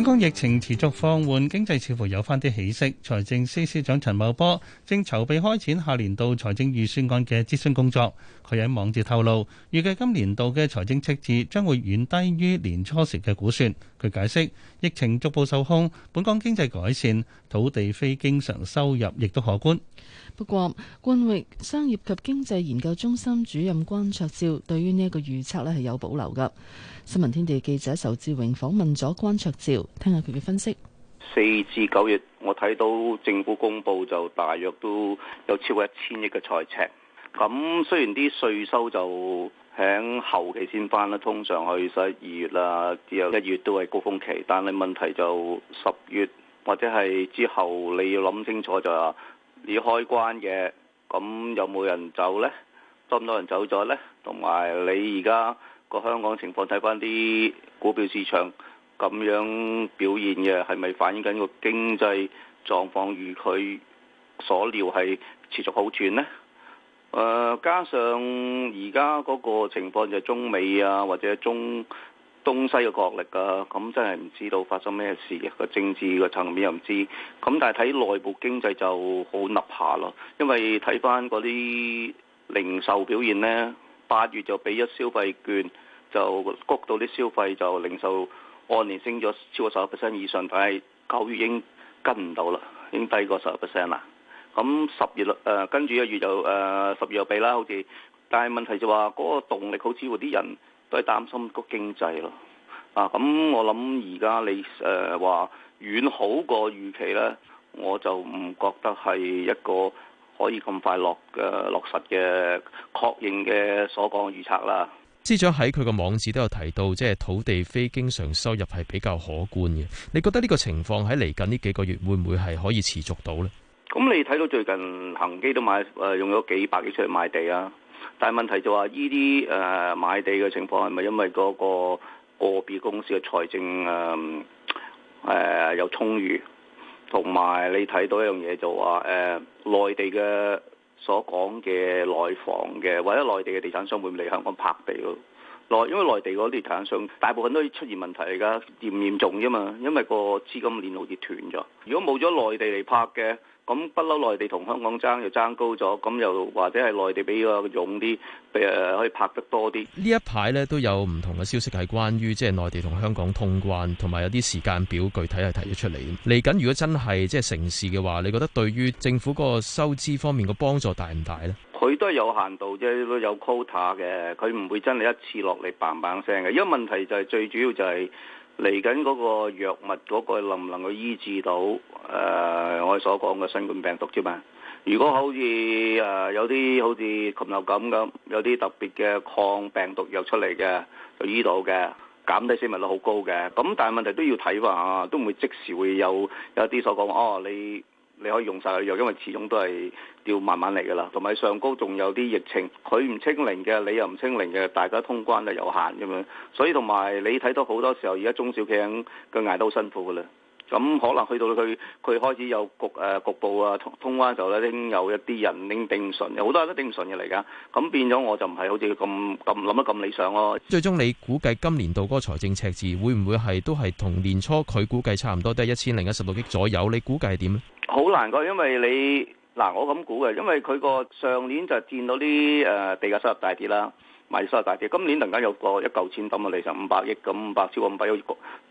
本港疫情持續放緩，經濟似乎有翻啲起色。財政司司長陳茂波正籌備開展下年度財政預算案嘅諮詢工作。佢喺網誌透露，預計今年度嘅財政赤字將會遠低於年初時嘅估算。佢解釋，疫情逐步受控，本港經濟改善，土地非經常收入亦都可觀。不過，冠域商業及經濟研究中心主任關卓照對於呢一個預測咧係有保留噶。新聞天地記者仇志榮訪問咗關卓照，聽下佢嘅分析。四至九月，我睇到政府公布就大約都有超過一千億嘅財赤。咁雖然啲稅收就喺後期先翻啦，通常去十一、二月啦，至一月都係高峰期。但係問題就十月或者係之後，你要諗清楚就你開關嘅，咁有冇人走呢？多唔多人走咗呢？同埋你而家個香港情況睇翻啲股票市場咁樣表現嘅，係咪反映緊個經濟狀況如佢所料係持續好轉呢？呃，加上而家嗰個情況就中美啊，或者中東西嘅角力啊，咁真係唔知道發生咩事嘅、啊、個政治個層面又唔知，咁但係睇內部經濟就好立下咯，因為睇翻嗰啲零售表現咧，八月就俾一消費券就谷到啲消費就零售按年升咗超過十個 percent 以上，但係九月已經跟唔到啦，已經低過十個 percent 啦，咁十月誒、呃、跟住一月就誒十、呃、月又俾啦好似，但係問題就話嗰個動力好似啲人。都係擔心個經濟咯，啊，咁我諗而家你誒話遠好過預期咧，我就唔覺得係一個可以咁快落嘅落實嘅確認嘅所講預測啦。司長喺佢個網址都有提到，即係土地非經常收入係比較可觀嘅。你覺得呢個情況喺嚟緊呢幾個月會唔會係可以持續到呢？咁你睇到最近恒基都買誒用咗幾百億出嚟買地啊？但係問題就話呢啲誒買地嘅情況係咪因為嗰個個別公司嘅財政誒誒有充裕？同埋你睇到一樣嘢就話誒、呃、內地嘅所講嘅內房嘅或者內地嘅地產商會唔會嚟香港拍地咯？內因為內地嗰啲地產商大部分都出現問題嚟㗎，嚴唔嚴重啫嘛？因為個資金鏈好似斷咗。如果冇咗內地嚟拍嘅，咁不嬲，內地同香港爭又爭高咗，咁又或者係內地比個勇啲，誒、呃、可以拍得多啲。呢一排咧都有唔同嘅消息係關於即係內地同香港通關，同埋有啲時間表具體係提咗出嚟。嚟緊如果真係即係城市嘅話，你覺得對於政府個收支方面嘅幫助大唔大呢？佢都係有限度啫，有 quota 嘅，佢唔會真係一次落嚟 b a 聲嘅。因為問題就係最主要就係。嚟緊嗰個藥物嗰個能唔能夠醫治到？誒、呃，我哋所講嘅新冠病毒啫嘛。如果好似誒、呃、有啲好似禽流感咁，有啲特別嘅抗病毒藥出嚟嘅，就醫到嘅，減低死亡率好高嘅。咁但係問題都要睇話，都唔會即時會有有啲所講哦，你你可以用晒佢藥，因為始終都係。要慢慢嚟噶啦，同埋上高仲有啲疫情，佢唔清零嘅，你又唔清零嘅，大家通關就有限咁樣。所以同埋你睇到好多時候，而家中小企人佢捱到辛苦噶啦。咁可能去到佢佢開始有局誒、呃、局部啊通通關時候咧，已經有一啲人拎頂唔順，有好多人都頂唔順嘅嚟噶。咁變咗我就唔係好似咁咁諗得咁理想咯。最終你估計今年度嗰個財政赤字會唔會係都係同年初佢估計差唔多，都係一千零一十六億左右？你估計係點？好難過，因為你。嗱、啊，我咁估嘅，因為佢個上年就見到啲誒地價收入大跌啦，賣收入大跌，今年突然間有一個一嚿錢抌落嚟就五百億咁，五百，超過五百億，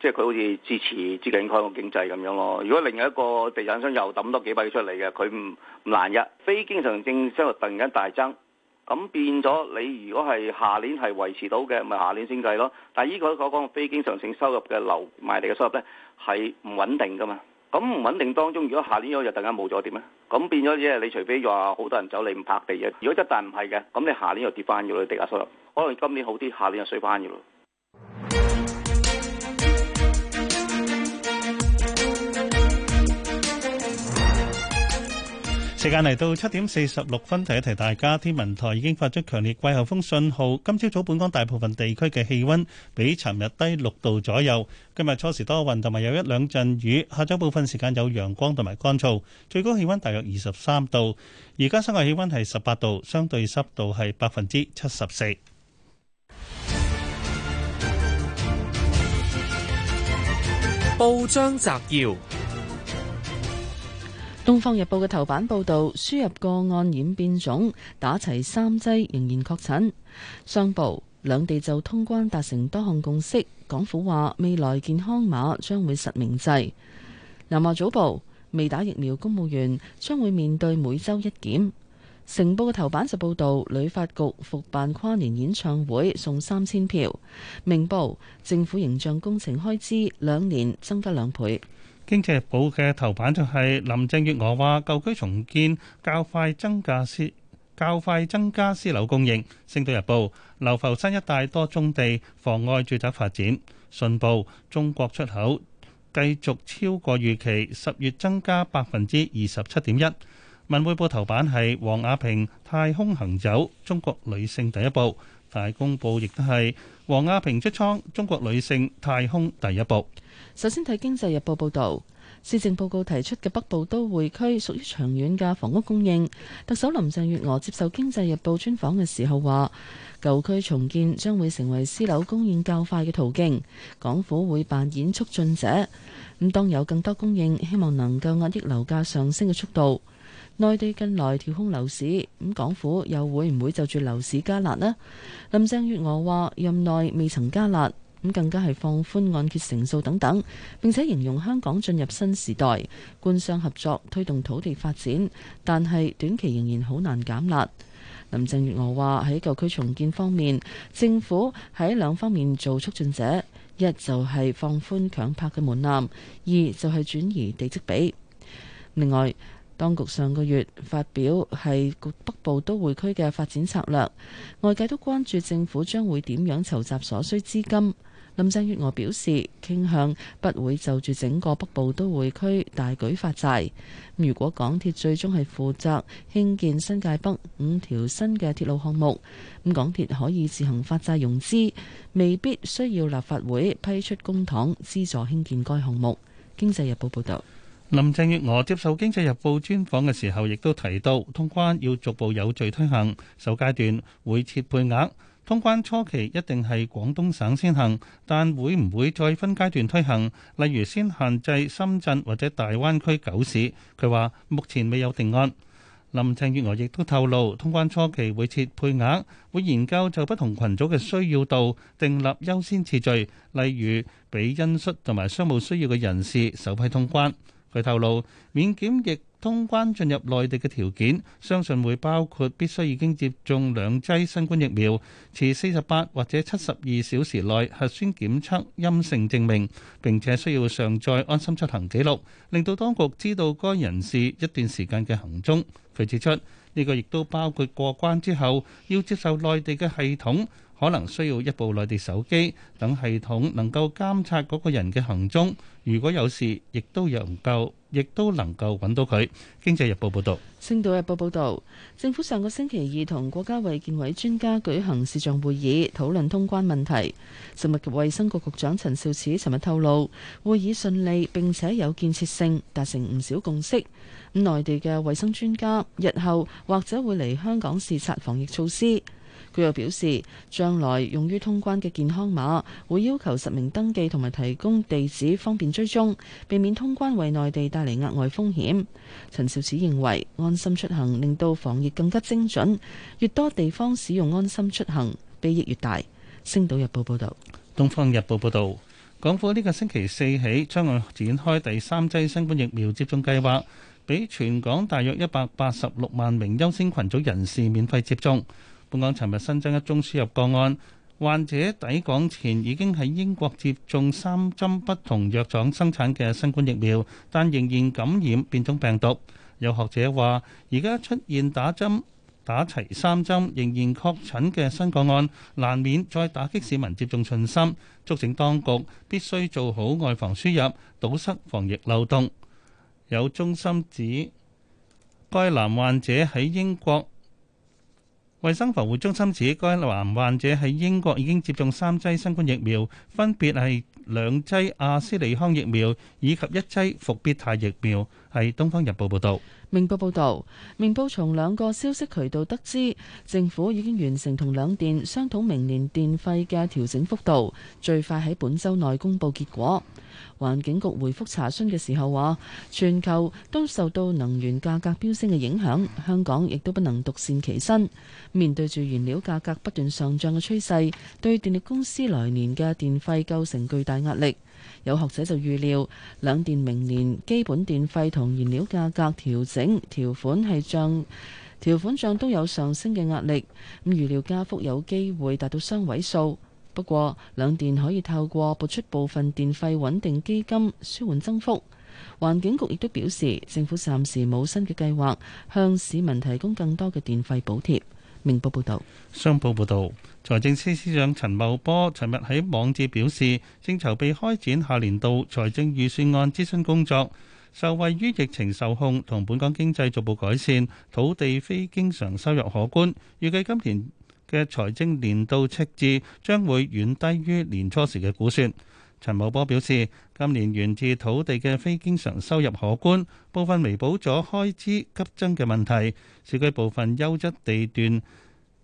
即係佢好似支持、支緊香港個經濟咁樣咯。如果另外一個地產商又抌多幾百億出嚟嘅，佢唔唔難嘅，非經常性收入突然間大增，咁變咗你如果係下年係維持到嘅，咪下年先計咯。但係呢個講講非經常性收入嘅流賣地嘅收入咧係唔穩定㗎嘛。咁唔穩定當中，如果下年又突然間冇咗點咧？咁變咗即係你除非話好多人走你唔拍地嘅。如果一旦唔係嘅，咁你下年又跌翻嘅咯，地下收入可能今年好啲，下年又水翻嘅咯。時間嚟到七點四十六分，提一提大家，天文台已經發出強烈季候風信號。今朝早本港大部分地區嘅氣溫比尋日低六度左右。今日初時多雲，同埋有一兩陣雨。下晝部分時間有陽光同埋乾燥，最高氣溫大約二十三度。而家室外氣溫係十八度，相對濕度係百分之七十四。報章摘要。《東方日報》嘅頭版報道輸入個案染變種，打齊三劑仍然確診。商報兩地就通關達成多項共識，港府話未來健康碼將會實名制。南華早報未打疫苗公務員將會面對每周一檢。成報嘅頭版就報道旅發局復辦跨年演唱會送三千票。明報政府形象工程開支兩年增加兩倍。經濟日報嘅頭版就係林鄭月娥話，舊區重建較快增加私較快增加私樓供應。星島日報：流浮山一帶多宗地妨礙住宅發展。信報：中國出口繼續超過預期，十月增加百分之二十七點一。文匯報頭版係王亞平太空行走，中國女性第一步。大公報亦都係王亞平出艙，中國女性太空第一步。首先睇《經濟日報》報導，施政報告提出嘅北部都會區屬於長遠嘅房屋供應。特首林鄭月娥接受《經濟日報》專訪嘅時候話，舊區重建將會成為私樓供應較快嘅途徑，港府會扮演促進者。咁當有更多供應，希望能夠壓抑樓價上升嘅速度。內地近來調控樓市，咁港府又會唔會就住樓市加辣呢？林鄭月娥話，任內未曾加辣。咁更加係放寬按揭成數等等，並且形容香港進入新時代，官商合作推動土地發展，但係短期仍然好難減辣。林鄭月娥話：喺舊區重建方面，政府喺兩方面做促進者，一就係放寬強拍嘅門檻，二就係轉移地積比。另外，當局上個月發表係北部都會區嘅發展策略，外界都關注政府將會點樣籌集所需資金。林鄭月娥表示，傾向不會就住整個北部都會區大舉發債。如果港鐵最終係負責興建新界北五條新嘅鐵路項目，咁港鐵可以自行發債融資，未必需要立法會批出公帑資助興建該項目。經濟日報報道，林鄭月娥接受經濟日報專訪嘅時候，亦都提到通關要逐步有序推行，首階段會設配額。通關初期一定係廣東省先行，但會唔會再分階段推行？例如先限制深圳或者大灣區九市？佢話目前未有定案。林鄭月娥亦都透露，通關初期會設配額，會研究就不同羣組嘅需要度訂立優先次序，例如俾恩恤同埋商務需要嘅人士首批通關。佢透露免檢疫。通關進入內地嘅條件，相信會包括必須已經接種兩劑新冠疫苗，持四十八或者七十二小時內核酸檢測陰性證明，並且需要上載安心出行記錄，令到當局知道該人士一段時間嘅行蹤。佢指出，呢、這個亦都包括過關之後要接受內地嘅系統，可能需要一部內地手機等系統能夠監察嗰個人嘅行蹤。如果有事，亦都有唔夠，亦都能夠揾到佢。《經濟日報》報道，星島日報報道，政府上個星期二同國家衛健委專家舉行視像會議討論通關問題，食物及衛生局局長陳肇始尋日透露，會議順利並且有建設性，達成唔少共識，內地嘅衛生專家日後或者會嚟香港視察防疫措施。佢又表示，將來用於通關嘅健康碼會要求實名登記同埋提供地址，方便追蹤，避免通關為內地帶嚟額外風險。陳肇始認為安心出行令到防疫更加精準，越多地方使用安心出行，裨益越大。《星島日報》報道，《東方日報》報道，港府呢個星期四起將展開第三劑新冠疫苗接種計劃，俾全港大約一百八十六萬名優先群組人士免費接種。本港尋日新增一宗輸入個案，患者抵港前已經喺英國接種三針不同藥廠生產嘅新冠疫苗，但仍然感染變種病毒。有學者話：而家出現打針打齊三針仍然確診嘅新個案，難免再打擊市民接種信心，促請當局必須做好外防輸入、堵塞防疫漏洞。有中心指，該男患者喺英國。衞生防護中心指，該男患者喺英國已經接種三劑新冠疫苗，分別係兩劑阿斯利康疫苗以及一劑復必泰疫苗。係《東方日報》報道，明報報道，明報從兩個消息渠道得知，政府已經完成同兩電商討明年電費嘅調整幅度，最快喺本周內公布結果。環境局回覆查詢嘅時候話，全球都受到能源價格飆升嘅影響，香港亦都不能獨善其身。面對住原料價格不斷上漲嘅趨勢，對電力公司來年嘅電費構成巨大壓力。有學者就預料，兩電明年基本電費同燃料價格調整條款係漲條款，漲都有上升嘅壓力。咁預料加幅有機會達到雙位數。不過，兩電可以透過撥出部分電費穩定基金，舒緩增幅。環境局亦都表示，政府暫時冇新嘅計劃向市民提供更多嘅電費補貼。明報報導，商報報導，財政司司長陳茂波尋日喺網誌表示，正籌備開展下年度財政預算案諮詢工作。受惠於疫情受控同本港經濟逐步改善，土地非經常收入可觀，預計今年嘅財政年度赤字將會遠低於年初時嘅估算。陳茂波表示，今年源自土地嘅非經常收入可觀，部分彌補咗開支急增嘅問題。市區部分優質地段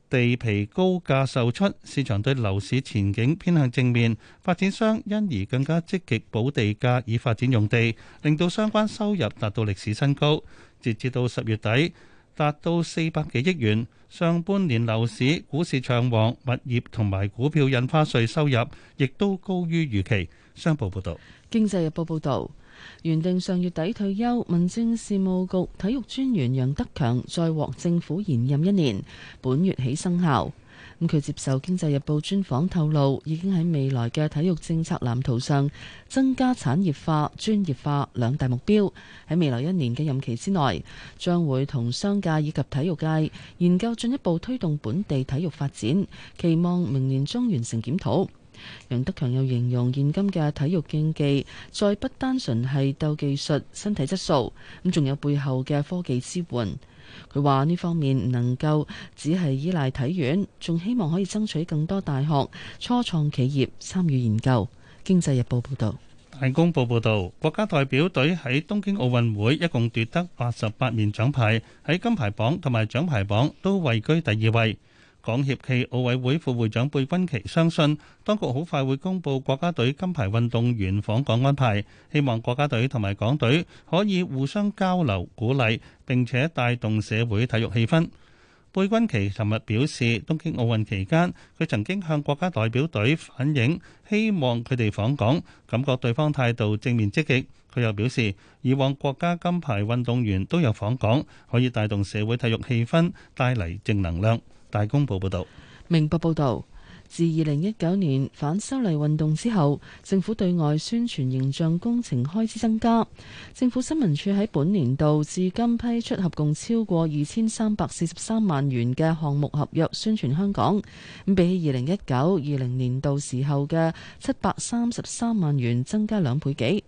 地皮高價售出，市場對樓市前景偏向正面，發展商因而更加積極補地價以發展用地，令到相關收入達到歷史新高。截至到十月底，達到四百幾億元，上半年樓市、股市暢旺，物業同埋股票印花稅收入亦都高於預期。商報報導，《經濟日報》報導，原定上月底退休，民政事務局體育專員楊德強再獲政府延任一年，本月起生效。咁佢接受《經濟日報》專訪透露，已經喺未來嘅體育政策藍圖上增加產業化、專業化兩大目標。喺未來一年嘅任期之內，將會同商界以及體育界研究進一步推動本地體育發展，期望明年中完成檢討。楊德強又形容現今嘅體育競技，再不單純係鬥技術、身體質素，咁仲有背後嘅科技支援。佢話：呢方面唔能夠只係依賴體院，仲希望可以爭取更多大學、初創企業參與研究。經濟日報報道，《大公報》報道，國家代表隊喺東京奧運會一共奪得八十八面獎牌，喺金牌榜同埋獎牌榜都位居第二位。港協暨奧委會副會長貝君奇相信，當局好快會公布國家隊金牌運動員訪港安排。希望國家隊同埋港隊可以互相交流、鼓勵，並且帶動社會體育氣氛。貝君奇琴日表示，東京奧運期間，佢曾經向國家代表隊反映，希望佢哋訪港，感覺對方態度正面積極。佢又表示，以往國家金牌運動員都有訪港，可以帶動社會體育氣氛，帶嚟正能量。大公報報道，明報報道，自二零一九年反修例運動之後，政府對外宣傳形象工程開支增加。政府新聞處喺本年度至今批出合共超過二千三百四十三萬元嘅項目合約宣傳香港，咁比起二零一九、二零年度時候嘅七百三十三萬元，增加兩倍幾。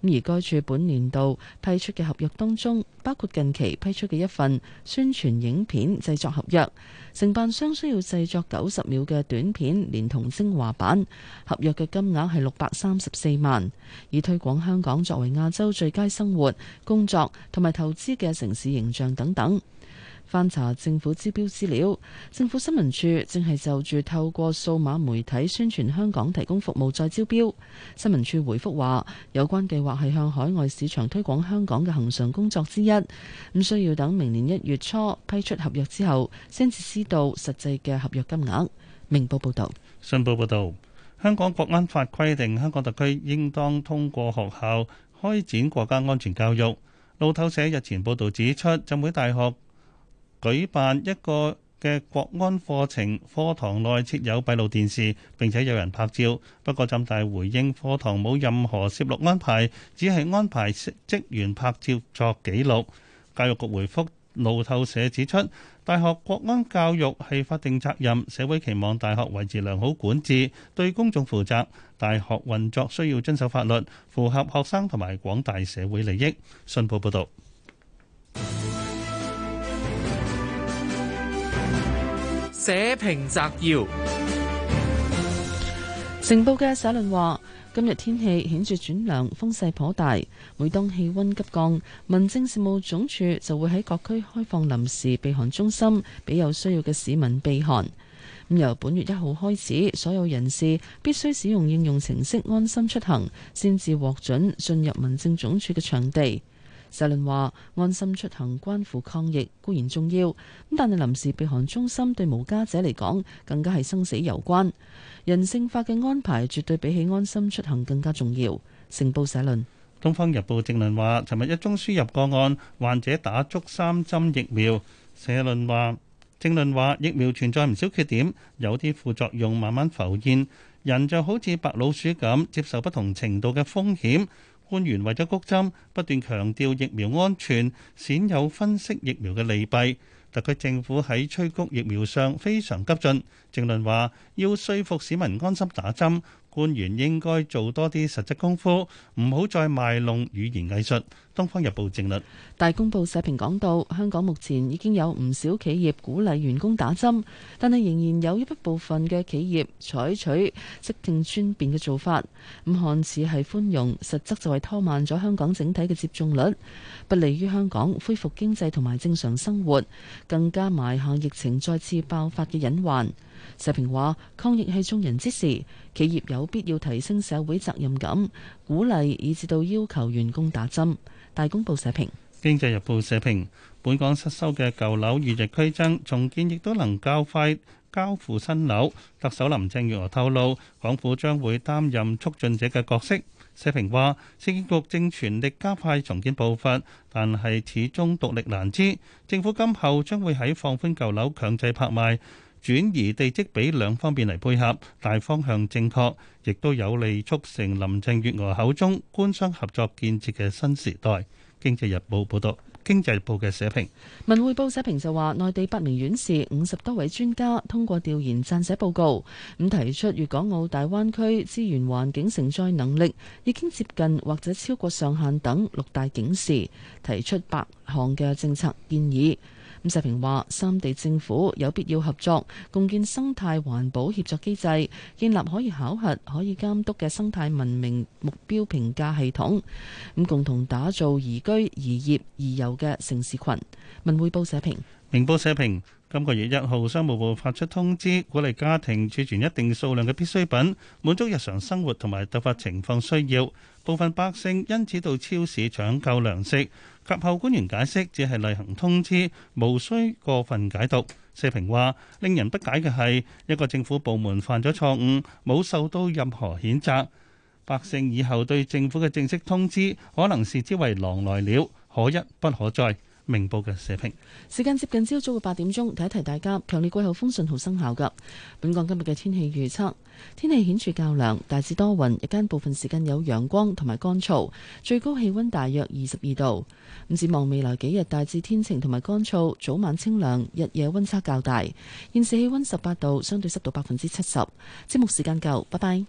而該處本年度批出嘅合約當中，包括近期批出嘅一份宣傳影片製作合約，承辦商需要製作九十秒嘅短片，連同精華版。合約嘅金額係六百三十四萬，以推廣香港作為亞洲最佳生活、工作同埋投資嘅城市形象等等。翻查政府招標資料，政府新聞處正係就住透過數碼媒體宣傳香港提供服務再招標，新聞處回覆話有關計劃係向海外市場推廣香港嘅恆常工作之一。咁需要等明年一月初批出合約之後先至知道實際嘅合約金額，明報報道，信報報道。香港國安法規定，香港特區應當通過學校開展國家安全教育。路透社日前報道指出，浸會大學。舉辦一個嘅國安課程，課堂內設有閉路電視，並且有人拍照。不過，浸大回應課堂冇任何攝錄安排，只係安排職員拍照作記錄。教育局回覆路透社指出，大學國安教育係法定責任，社會期望大學維持良好管治，對公眾負責。大學運作需要遵守法律，符合學生同埋廣大社會利益。信報報導。社評摘要：成報嘅社論話：今日天氣顯著轉涼，風勢頗大。每當氣温急降，民政事務總署就會喺各區開放臨時避寒中心，俾有需要嘅市民避寒。咁由本月一號開始，所有人士必須使用應用程式安心出行，先至獲准進入民政總署嘅場地。社論話，安心出行關乎抗疫，固然重要，咁但係臨時避寒中心對無家者嚟講更加係生死攸關，人性化嘅安排絕對比起安心出行更加重要。成報社論。《東方日報》正論話，尋日一宗輸入個案，患者打足三針疫苗。社論話，正論話疫苗存在唔少缺點，有啲副作用慢慢浮現，人就好似白老鼠咁接受不同程度嘅風險。官員為咗谷針，不斷強調疫苗安全，鮮有分析疫苗嘅利弊。特區政府喺催谷疫苗上非常急進，政論話要說服市民安心打針。官員應該做多啲實質功夫，唔好再賣弄語言藝術。《東方日報》正論。大公報社評講到，香港目前已經有唔少企業鼓勵員工打針，但係仍然有一部分嘅企業採取悉隨尊便嘅做法，咁看似係寬容，實則就係拖慢咗香港整體嘅接種率，不利於香港恢復經濟同埋正常生活，更加埋下疫情再次爆發嘅隱患。社評話：抗疫係眾人之事，企業有必要提升社會責任感，鼓勵以至到要求員工打針。大公報社評，《經濟日報》社評：本港失修嘅舊樓與日俱增，重建亦都能較快交付新樓。特首林鄭月娥透露，港府將會擔任促進者嘅角色。社評話：政經局正全力加快重建步伐，但係始終獨力難支，政府今後將會喺放寬舊樓強制拍賣。轉移地積俾兩方面嚟配合，大方向正確，亦都有利促成林鄭月娥口中官商合作建設嘅新時代。經濟日報報導，經濟日報嘅社評，文匯報社評就話，內地八名院士五十多位專家通過調研撰寫報告，咁提出粵港澳大灣區資源環境承載能力已經接近或者超過上限等六大警示，提出八項嘅政策建議。社評話，三地政府有必要合作，共建生態環保協作機制，建立可以考核、可以監督嘅生態文明目標評價系統，咁共同打造宜居、宜業、宜遊嘅城市群。文匯報社評，明報社評，今個月一號，商務部發出通知，鼓勵家庭儲存一定數量嘅必需品，滿足日常生活同埋突發情況需要。部分百姓因此到超市搶購糧食。及後官員解釋，只係例行通知，無需過分解讀。社評話：令人不解嘅係，一個政府部門犯咗錯誤，冇受到任何譴責，百姓以後對政府嘅正式通知，可能視之為狼來了，可一不可再。明報嘅社評，時間接近朝早嘅八點鐘，提一提大家，強烈季候風信號生效㗎。本港今日嘅天氣預測，天氣顯著較涼，大致多雲，日間部分時間有陽光同埋乾燥，最高氣溫大約二十二度。咁展望未來幾日，大致天晴同埋乾燥，早晚清涼，日夜溫差較大。現時氣溫十八度，相對濕度百分之七十。節目時間夠，拜拜。